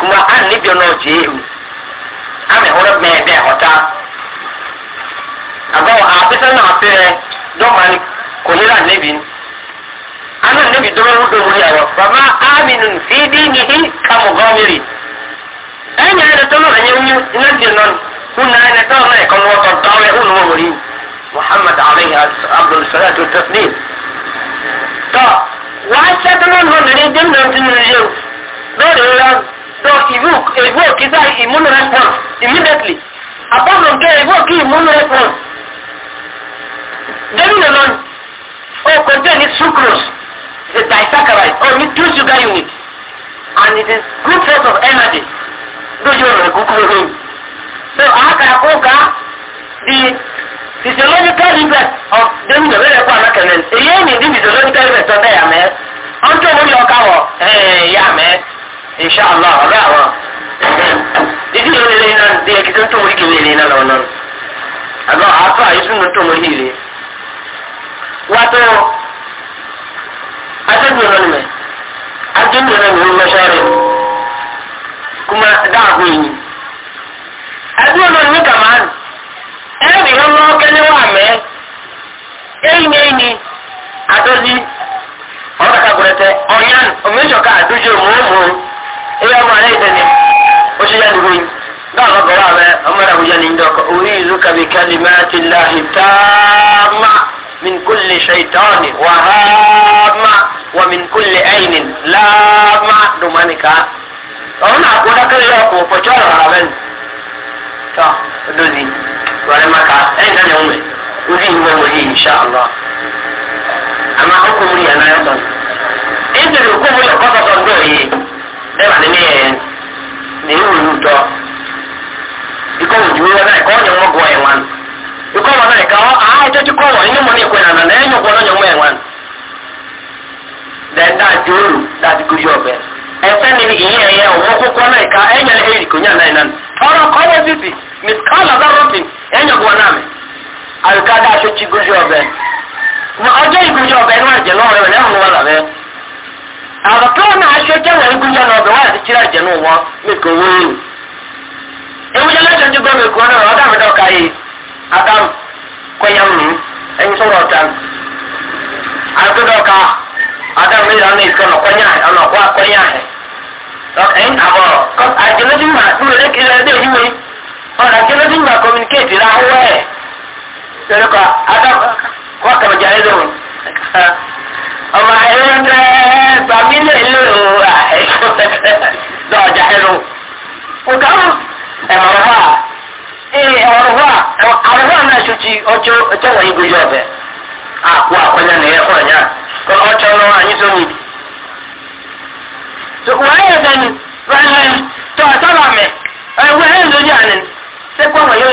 S1: kuma an ni bia n'o je ehu ama ɛhoro mɛn dɛ ɔta abawo a apesa na apɛrɛ dɔmani kɔnyera nebi ana nebi dɔmɛ wo dɔmɛ yi awɔ baba aminu fidi nihi kamu gɔmiri ɛnyɛ ɛdɛ tɔmɔ ɛnyɛ wunyu ɛnyɛ diɛ nɔn huna ɛdɛ tɔmɔ na ɛkɔn wɔtɔ dɔwɛ hunu wɔ wɔri muhammad alayhi abdul salatu taslim tɔ waa sɛtɛmɛ nɔ nani dɛm nɔ ti nɔ yɛw dɔw de yɛrɛ so evoke evoke is an immune response immediately apart from care evoke immune response dẹ́nu lọ́nà ó contain sucrose the disaccharide or ní two sugar unit and it is good source of energy lójú ọ̀nà ìkúkúrú rẹ̀ so àákàkóka the physiological effect of dẹ́nu lọ́nà rẹ̀ kó alákẹ̀lẹ́ èyí ẹ̀yìn ní physiological effect ọ̀dẹ́ yàmẹ́ ọ̀ntún omi ọ̀ka wọ̀ ẹ̀ẹ́ yàmẹ́ insha allah abe awon didi lo lele nan de ki ton tumuri ki lele nan non non ado afa isu mun tumuri ile wato asan ni non me ajin ni non mun mashare kuma da ku yi adu non ni kaman ere bi hon lo kene wa me eyin ọ̀rọ̀ kakagurẹtẹ ọ̀yan omi ìṣọ̀ka àdújọ mòómòó ebe ama ne dani o shi yani goyi da ka gora ba amma da hujani da ka urizu ka bi kalimati llahi tamma min kulli shaytani wa hamma wa min kulli ainin lamma dumanika ona ko da kai ko ko jara ben to dozi wala maka ai da ne e, umma uzi ni ba yi insha Allah amma hukumuri ana yadda inda hukumuri ko ba don doye ẹwà ní ní ẹ ní ìwúlú tọ ikọ̀ òjò wọn náà ikọ̀ ọ̀nyẹ̀ wọn gọ ẹ̀wọ̀n ikọ̀ wọn náà ikọ̀ àwọn ọjọ́ ti na wọn ẹ̀yìn mọ̀ ní ìkọ̀ ẹ̀nà náà ẹ̀yìn ọ̀gbọ̀n ọ̀nyẹ̀ wọn ẹ̀wọ̀n dẹ̀ dáàdì olù dáàdì kúrú ọ̀bẹ ẹ̀fẹ́ ni ìyẹn ẹ̀yẹ ọ̀wọ́ kókó náà ìka ẹ̀yẹ nyà náà ọ̀rọ̀ kọ́ miss náà mi àyùká ọ̀bẹ ọjọ́ ọ̀bẹ ẹ̀ abatoɔ na na ɔbɛ wɔn a adekyerɛ agye no wɔ meka na ahyɛkyɛ gbɛ meka owó na ɔda mi dɛ ɔka yi adam kɔnya mu ɛnyi sɛ wɔn ɔdan ato dɛ ɔka adam mi yɛrɛ mi sɛ ɔna kɔnya ɔna kɔ akɔnya ahɛ ɛn abɔ kɔs agyɛnɛ bi ma ọmọ ẹ̀rọ tẹ lè lò ẹ̀rọ dọ̀jà ẹ̀rọ. Nǹkan ẹ̀mọ̀rọ̀ hàn ee ọ̀rọ̀ hàn àrùn hàn náà ṣùtì ọjọ́ ọjọ́ wọ̀nyí gbé yọ̀ bẹ̀. Àpò àkọlẹ̀ nìyẹn fún ẹ̀yà kọ́ ọjọ́ lọ́wọ́ àyín tó nìyí. Wàá yẹ sẹ́ni rẹ̀ tọ́ àtọ́lọ̀ mẹ́ ẹ̀wẹ̀ ń lójú àná ṣé pọ̀ wọ̀nyí ò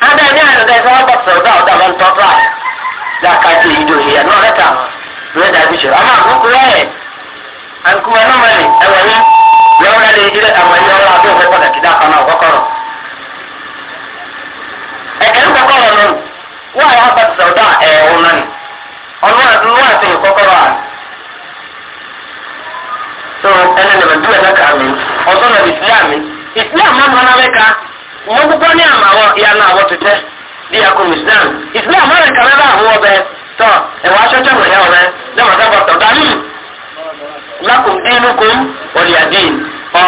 S1: ada ni ada da sama ba sau da da ban tota da ka ce ido ya no haka ne da shi amma ku kure an kuma na mali awani yawa da ido amma yawa ko ko da kida kana ko koro e kan ko koro non wa ya ba sau da e onan onu adu wa sai ko koro an so ana ne ban duwa na ka min o so na islam islam man wana ka wọn kúkọ ní àmà àwọn ìyànà àwọn tètè bí akọ islam islam wọn rìn kàmẹ́rà àwọn ọbẹ̀ tọ ẹ̀wọ̀ aṣọ́jọ́ wọ̀nyá ọ̀rẹ́ lẹ́wọ̀n dábọ̀ dání lákùn dínú kún ọ̀lìyàdín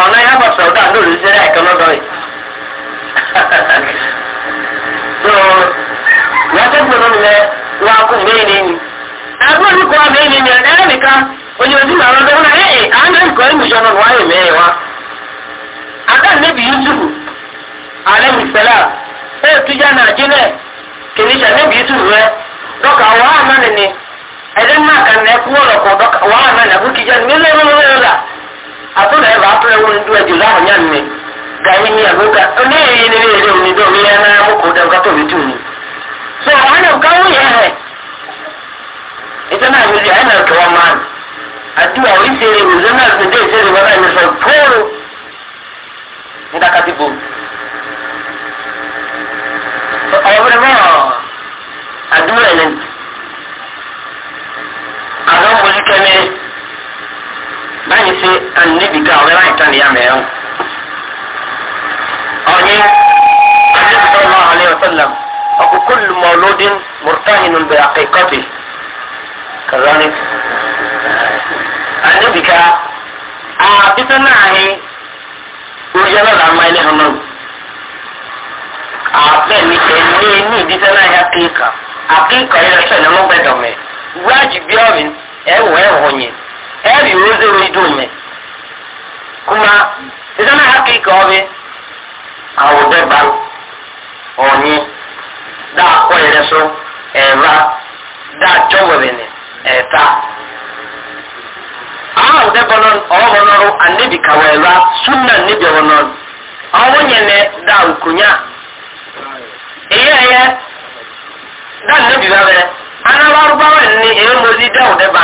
S1: ọ̀nà yàgbọ̀ sọ̀dá lórí ìṣẹ́lẹ̀ ẹ̀kan lọ́dọ̀ yìí. so wọ́n tó gbọ́dọ̀ mi lẹ wọ́n akún bẹ́ẹ̀ ní ni. àbúrò mi bẹ́ẹ̀ ní ni ẹ̀rẹ́ nìkan alẹ́mi sẹ́lá ẹ̀ tujà nàìjíríà kìíní sẹ́ni bíi tù rẹ̀ dọ́kà wàá nánì ni ẹ̀dẹ́ náà kà ní ẹkú wọ́n lọ́kọ̀ dọ́kà wàá nánì ẹkú kìíjà ní mílíọ̀nù àtúnà ẹ̀ bá pẹ́ wọn dúró ẹ̀jọ̀ láwọn yá mi gàyé ní àgbéga ní èyí ni èyí ni dọ̀ mí ẹ̀ náà mú kó dẹ̀ nǹkan tó mi tù ní. sọ àwọn ènìyàn kan wọ́n yẹ ọ̀rẹ́ náà àdúrà ẹni àwọn mọ̀lúkẹ́ni
S2: báyìí sí àníbìkà ọ̀rẹ́ láì tán ìyá
S1: abẹ́ mi tẹ̀ ní inú ìdíje náà yá kéka akéka yẹn fẹ́ ní ọlọ́gbẹ́dọ̀mẹ́ wíwájú bí ọ̀rìn ẹ̀wọ̀ ẹ̀wọ̀ yẹn ẹ̀rì òwúzẹ̀rọ̀ ìdúnmẹ́ kuma ìdíje náà yá kéka ọ̀rẹ́ àwòdẹ́ba ọ̀nyẹ́ dáa kọ́ yẹn sọ ẹ̀ra dáa jọ́wọ́rẹ́ ni ẹ̀ta awo de bɔ nɔn ɔwɔ bɔ nɔn anabi da nkonya ilé ẹ̀yẹ dáàbò níbi bẹ́ẹ̀ anáwárúbáwá ni èyí mọ́sí dáwò dẹ́bà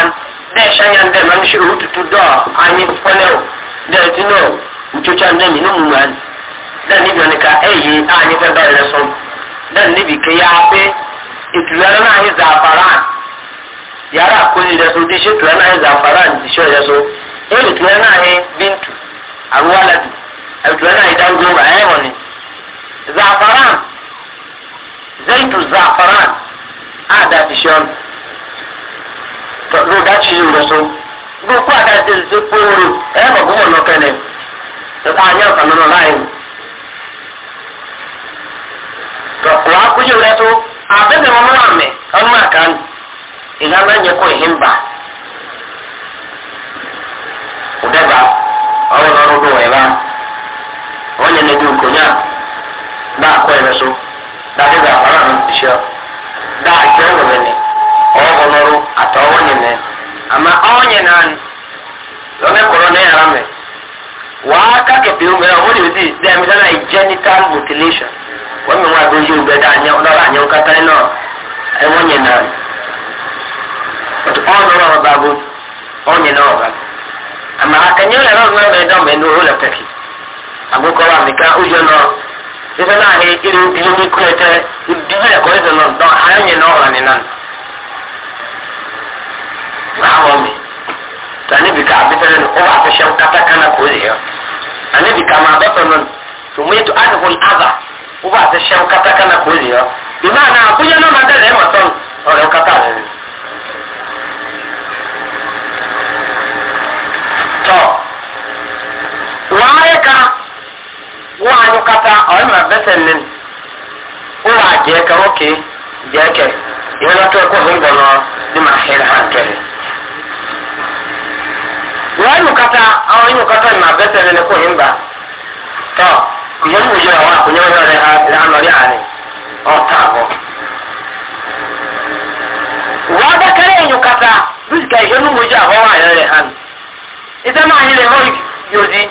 S1: dẹ́ ṣáyà ń dẹ́ mami ṣe òwú tutù dọ́ anyi pẹ́lẹ́ o dẹ́ ti náà ntútsá ń dẹ́ mi ní mùmá ni dẹ́ níbi wọn ká ẹ̀yẹ anyi fẹ́ bá ẹ̀rẹ́ sọ́n dẹ́ níbi ké yá pé ìtùlẹ̀ náà yẹ zàfàrà yàrá àkóyè rẹ so zaitu zafaran ada ti ṣe ọnù ló dá ṣe yìí lọ́sọ gbogbo ada ti ṣe kóoru ẹ bọ̀ bọ́ wọn lọ́kẹ́ ni ẹ̀ka ayé ọ̀kan nínú láyé wàá kújú rẹ tó àbẹ̀bẹ̀ wọn mọ́ àmì ọmọ àkànní ìlànà yẹ kó ìhìn bá ọdẹba ọwọ́ lọ́rùn dùn ẹ̀ bá wọ́n yẹn lè dùn kò ní à bá a kọ́ ẹ̀ lọ́sọ. dade za fara nan su sha da a kira ga mene ọwọ gọlọrọ ata ọwọ nye ne ama ọwọ nye nan lọmọ kọrọ ne yàrá mẹ wàá kàkẹ́ genital mutilation wọ́n mi wá gbé yóò gbẹ dá ànyẹ ọ̀dọ́rọ̀ ànyẹ ọ̀kátá nan sebe naa ni iri iri ni kure tɛ dibi ɛkɔ ɛsɛ nɔ dɔn a yɛ nyɛ nɔ ɔra ni nan na awɔ mi tani bi ka a bi tɛrɛ ni o b'a fɛ sɛm kata kana k'o de yɛ ani bi ka ma a bɛ tɔ nɔni tumu yi to a dogo aza o b'a fɛ sɛm kata kana k'o de yɛ bi maa na ma dɛlɛ ma tɔn ɔrɛ o kata lɛ tɔ waa yɛ kan. wo anyo kata ɔyɛ ma bese nen wo wa jɛ ka wo ke jɛ kɛ ihe la tɔ ko hin bɔnɔ ne ma hɛrɛ hã tɔ kata kata ma bɛsɛ nen ko hin ba tɔ kuyɛ mu yɛrɛ ha yɛrɛ taa bɔ wo abɛ kɛrɛ kata bisika ihe mu yɛrɛ wa yɛrɛ hã ni isɛ maa yi lɛ hɔ yodi.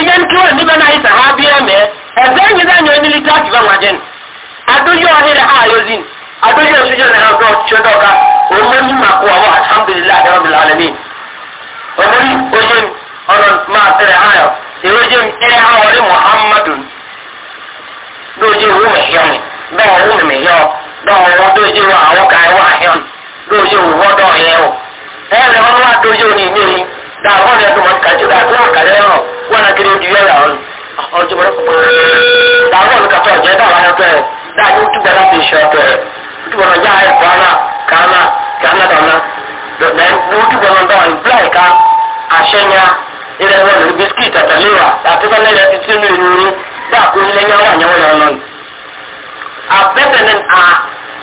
S1: ìyẹn kí wọn níbẹ̀ náà ìsà ha bíẹ́ mẹ́ ẹ̀fẹ́ yìí náà ní onílì táàkì bá wọn jẹun adójú ọ̀hìnrẹ̀ ha yóò zin adójú ọ̀ṣunjọ́ náà ọ̀dọ́ ọ̀ṣunjọ́ dọ́ka òun ní màkú àwọn alhamdulilayi àdéhùn mi lálẹ́ mi òmùrí ojú ọ̀nà máa tẹ̀lé ha yọ èrò ojú ẹ̀rẹ́ ha wọlé e muhammadu lójú ìwú mẹ̀hẹ́ọ̀n bẹ́ẹ̀ ìwú mẹ̀hẹ́ọ̀ bẹ́ẹ̀ wọ́n dójú àwọn kàá wọ́n ahẹ́ọ̀n lójú ìwú wọ́dọ̀ yẹ da àwọn ẹ̀dùn wọn kà jù láti wọn kàlẹ́ náà wọn náà kiri ojú yẹ̀yà ọ̀n ọjọ́ bọ́lá kọ̀ọ̀kan da àwọn ọ̀nà kàtọ́ ọ̀jẹ́ dáwọn ayọ̀ tẹ̀ da àyè túbọ̀ láti ṣe ọ̀tẹ̀ túbọ̀ náà yá ayé ọ̀nà kàánà kàánà dàná dọ̀tẹ́ wọ́n túbọ̀ náà dáwọn ìbílẹ̀ ká àṣẹyà ilẹ̀ wọn ní ìrírí dáàkú ilẹ̀ yẹn wà yẹn wọ́n lọ́nà.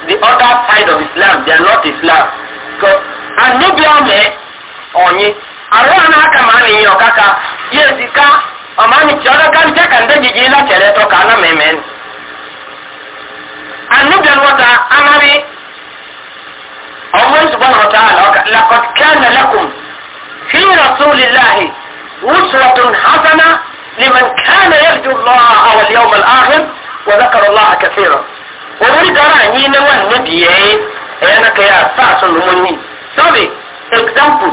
S1: the other side of Islam they are not Islam. arụwa na aka ma na-enye ọkaka ya esika ọmamichi ọdọka nche ka ndị jiji ila chere tọ ka ana meme annubian wata amari ọgbọn subhanahu wa ta'ala laqad kana lakum fi rasulillahi uswatun hasana liman kana yarju allaha wal yawm al akhir wa dhakara allaha kathira omuri dara anyi ne wa nnubiye ẹyẹ na kẹyà sáà sọ lọmọ ni sọbi example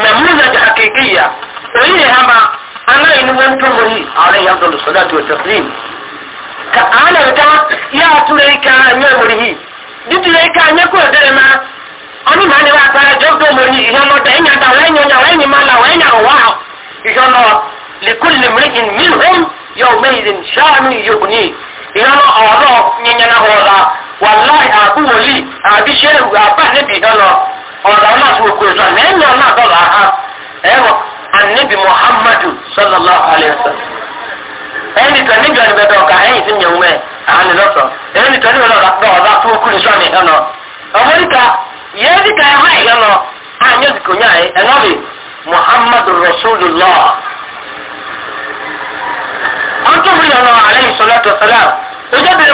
S1: نموذج حقيقية وهي هما أنا إن وانتمه عليه أفضل الصلاة والتسليم كأنا بتا يا تريك أنا مريه دي تريك أنا كودر ما أنا ما نبغى ترى جوك مريه إذا ما تاني أنت وين يا وين ما وين أواه إذا ما لكل امرئ منهم يومئذ شأن يغنيه إذا ما أواه نينا هذا والله أقول لي أبي شيء أبى نبي هذا ọ̀dà náà fún òkú ẹ̀sọ́ àmì ẹ̀yìn náà dọ̀là ha ẹ̀rọ anabi muhammadu sallallahu alayhi wa sallam ẹni tẹ níbi ọ̀nà bẹ̀rẹ̀ ọ̀ka ẹ̀yìn sí nyẹ̀wò mẹ́ àánì lọ́sọ̀ ẹni tẹ níbi ọ̀nà ọ̀dà tó kú ní sọ́ọ̀nì ẹ̀nà ọmọdéka yẹ́n dìka ẹ̀họ́ ẹ̀yẹ́ nọ àyẹ́ dìkọ̀ nyà ẹ̀ ẹ̀nà bẹ̀ muhammadu rasulillah ọtúnfin ọ̀nà àlẹ́yìn sọlẹ́tọ̀ sọlá ojú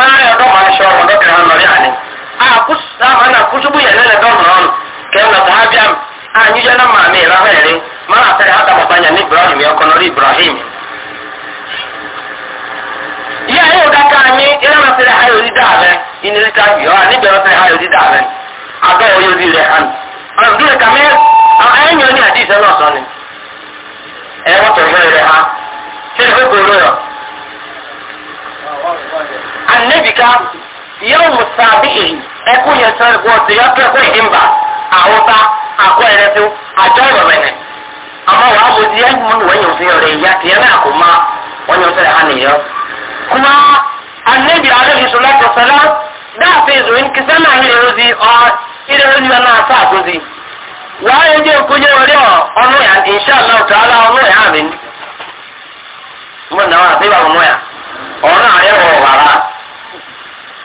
S1: ọ̀nà àlẹ́ na kusubu yɛ ne dɔn nɔn kɛm na taa biam a nyigya na maame yɛ rahɔ yɛre mana atɛre ata papa nya ne ibrahim yɛ kɔnɔ ne ibrahim yɛ a yɛwɔ daka anyi yɛrɛ ma sɛre ha yɛri daa bɛ yini ri ta bi hɔ a ne bɛrɛ sɛre ha yɛri daa bɛ a bɛ yɛ yɛri rɛ han ɔn du ne kame a ayɛ nyɛ ne adi sɛ n'ɔsɔ ne ɛyɛ wɔtɔ hɛ yɛrɛ ha sɛre fɛ koro yɔ anabi ka yau musabi iri ẹkú yẹn sọ ẹgbọ ọtí yọ tó ẹkú ìdìmbà àwòta àkọ ẹrẹ tó àjọ ìrọ̀rẹ́ nẹ. àmọ́ wàá mo di ẹ̀yìn múnú wọ́n yẹn fi ọ̀rẹ́ ìyá tiẹ̀ náà kò má wọ́n yẹn sọ̀rọ̀ hàn nìyọ. kuma anabi alaihi salatu wasalam dáa fi zuri kisẹ́ náà yẹ rozi ọ ilé rozi náà náà sá àgózi. wàá yẹn jẹ́ nkúnyẹ́ orí ọ yà inṣàlá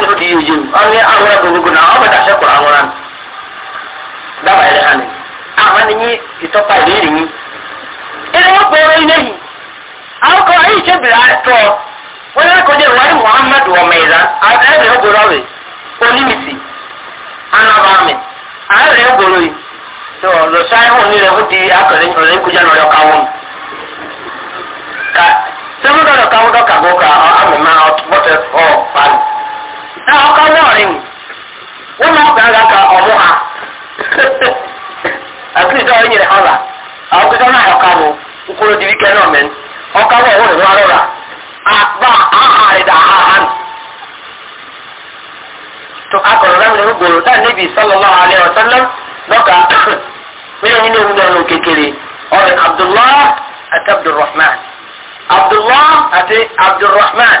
S1: ni o ti yi ojú ọ ní àwọn agbègbè náà ọbẹ dàṣẹ kọ àwọn ọ̀ràn dábàá yẹn hàn ní àwọn ni yín ìtọ́pa ìlérí yín. ilé wọn gbọ́dọ̀ ilé yìí àwọn kan ayé ìṣe bìrì àtọ wọn yẹn kọjá ìwádìí muhammad ọmọ ìlà àtẹrẹ ọgọrọ rẹ onímìsì anabami àtẹrẹ ọgọrọ yìí tó lọ sáyẹn wọn nílẹ ó di akọrin ọ̀rẹ́ kọjá lọ́yọ̀ káwọn ka sẹ́wọ́n dọ̀dọ̀ káwọn dọ̀kà gbọ́ ká ọmọ máa ọ̀tún bọ́tẹ̀ ọ̀ pálí na ọkọ lọrin o wọn máa gbàgbà ka ọmọ ha àtúntò ọ̀rẹ́ yẹrẹ ọ̀la àwọn náà ọ̀ka nù nkúrò dìbí kẹ́ náà mẹ́ni ọ̀ka náà wọ́n rẹ̀ wọ́n rọ̀ra àbá àhàrẹ̀ dà àhàn. tó akọ̀rọ̀ náà ló gbòòrò táà níbi sọlọ́lá alẹ́ ọ̀sánlẹ̀ lọ́ka mílíọ̀nù ní ewu náà ló kékeré ọ̀rẹ́ abdullah àti abdulrahman abdullah àti abdulrahman.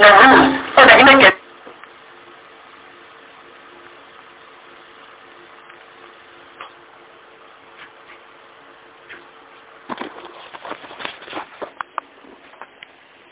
S1: 哦，那你那个。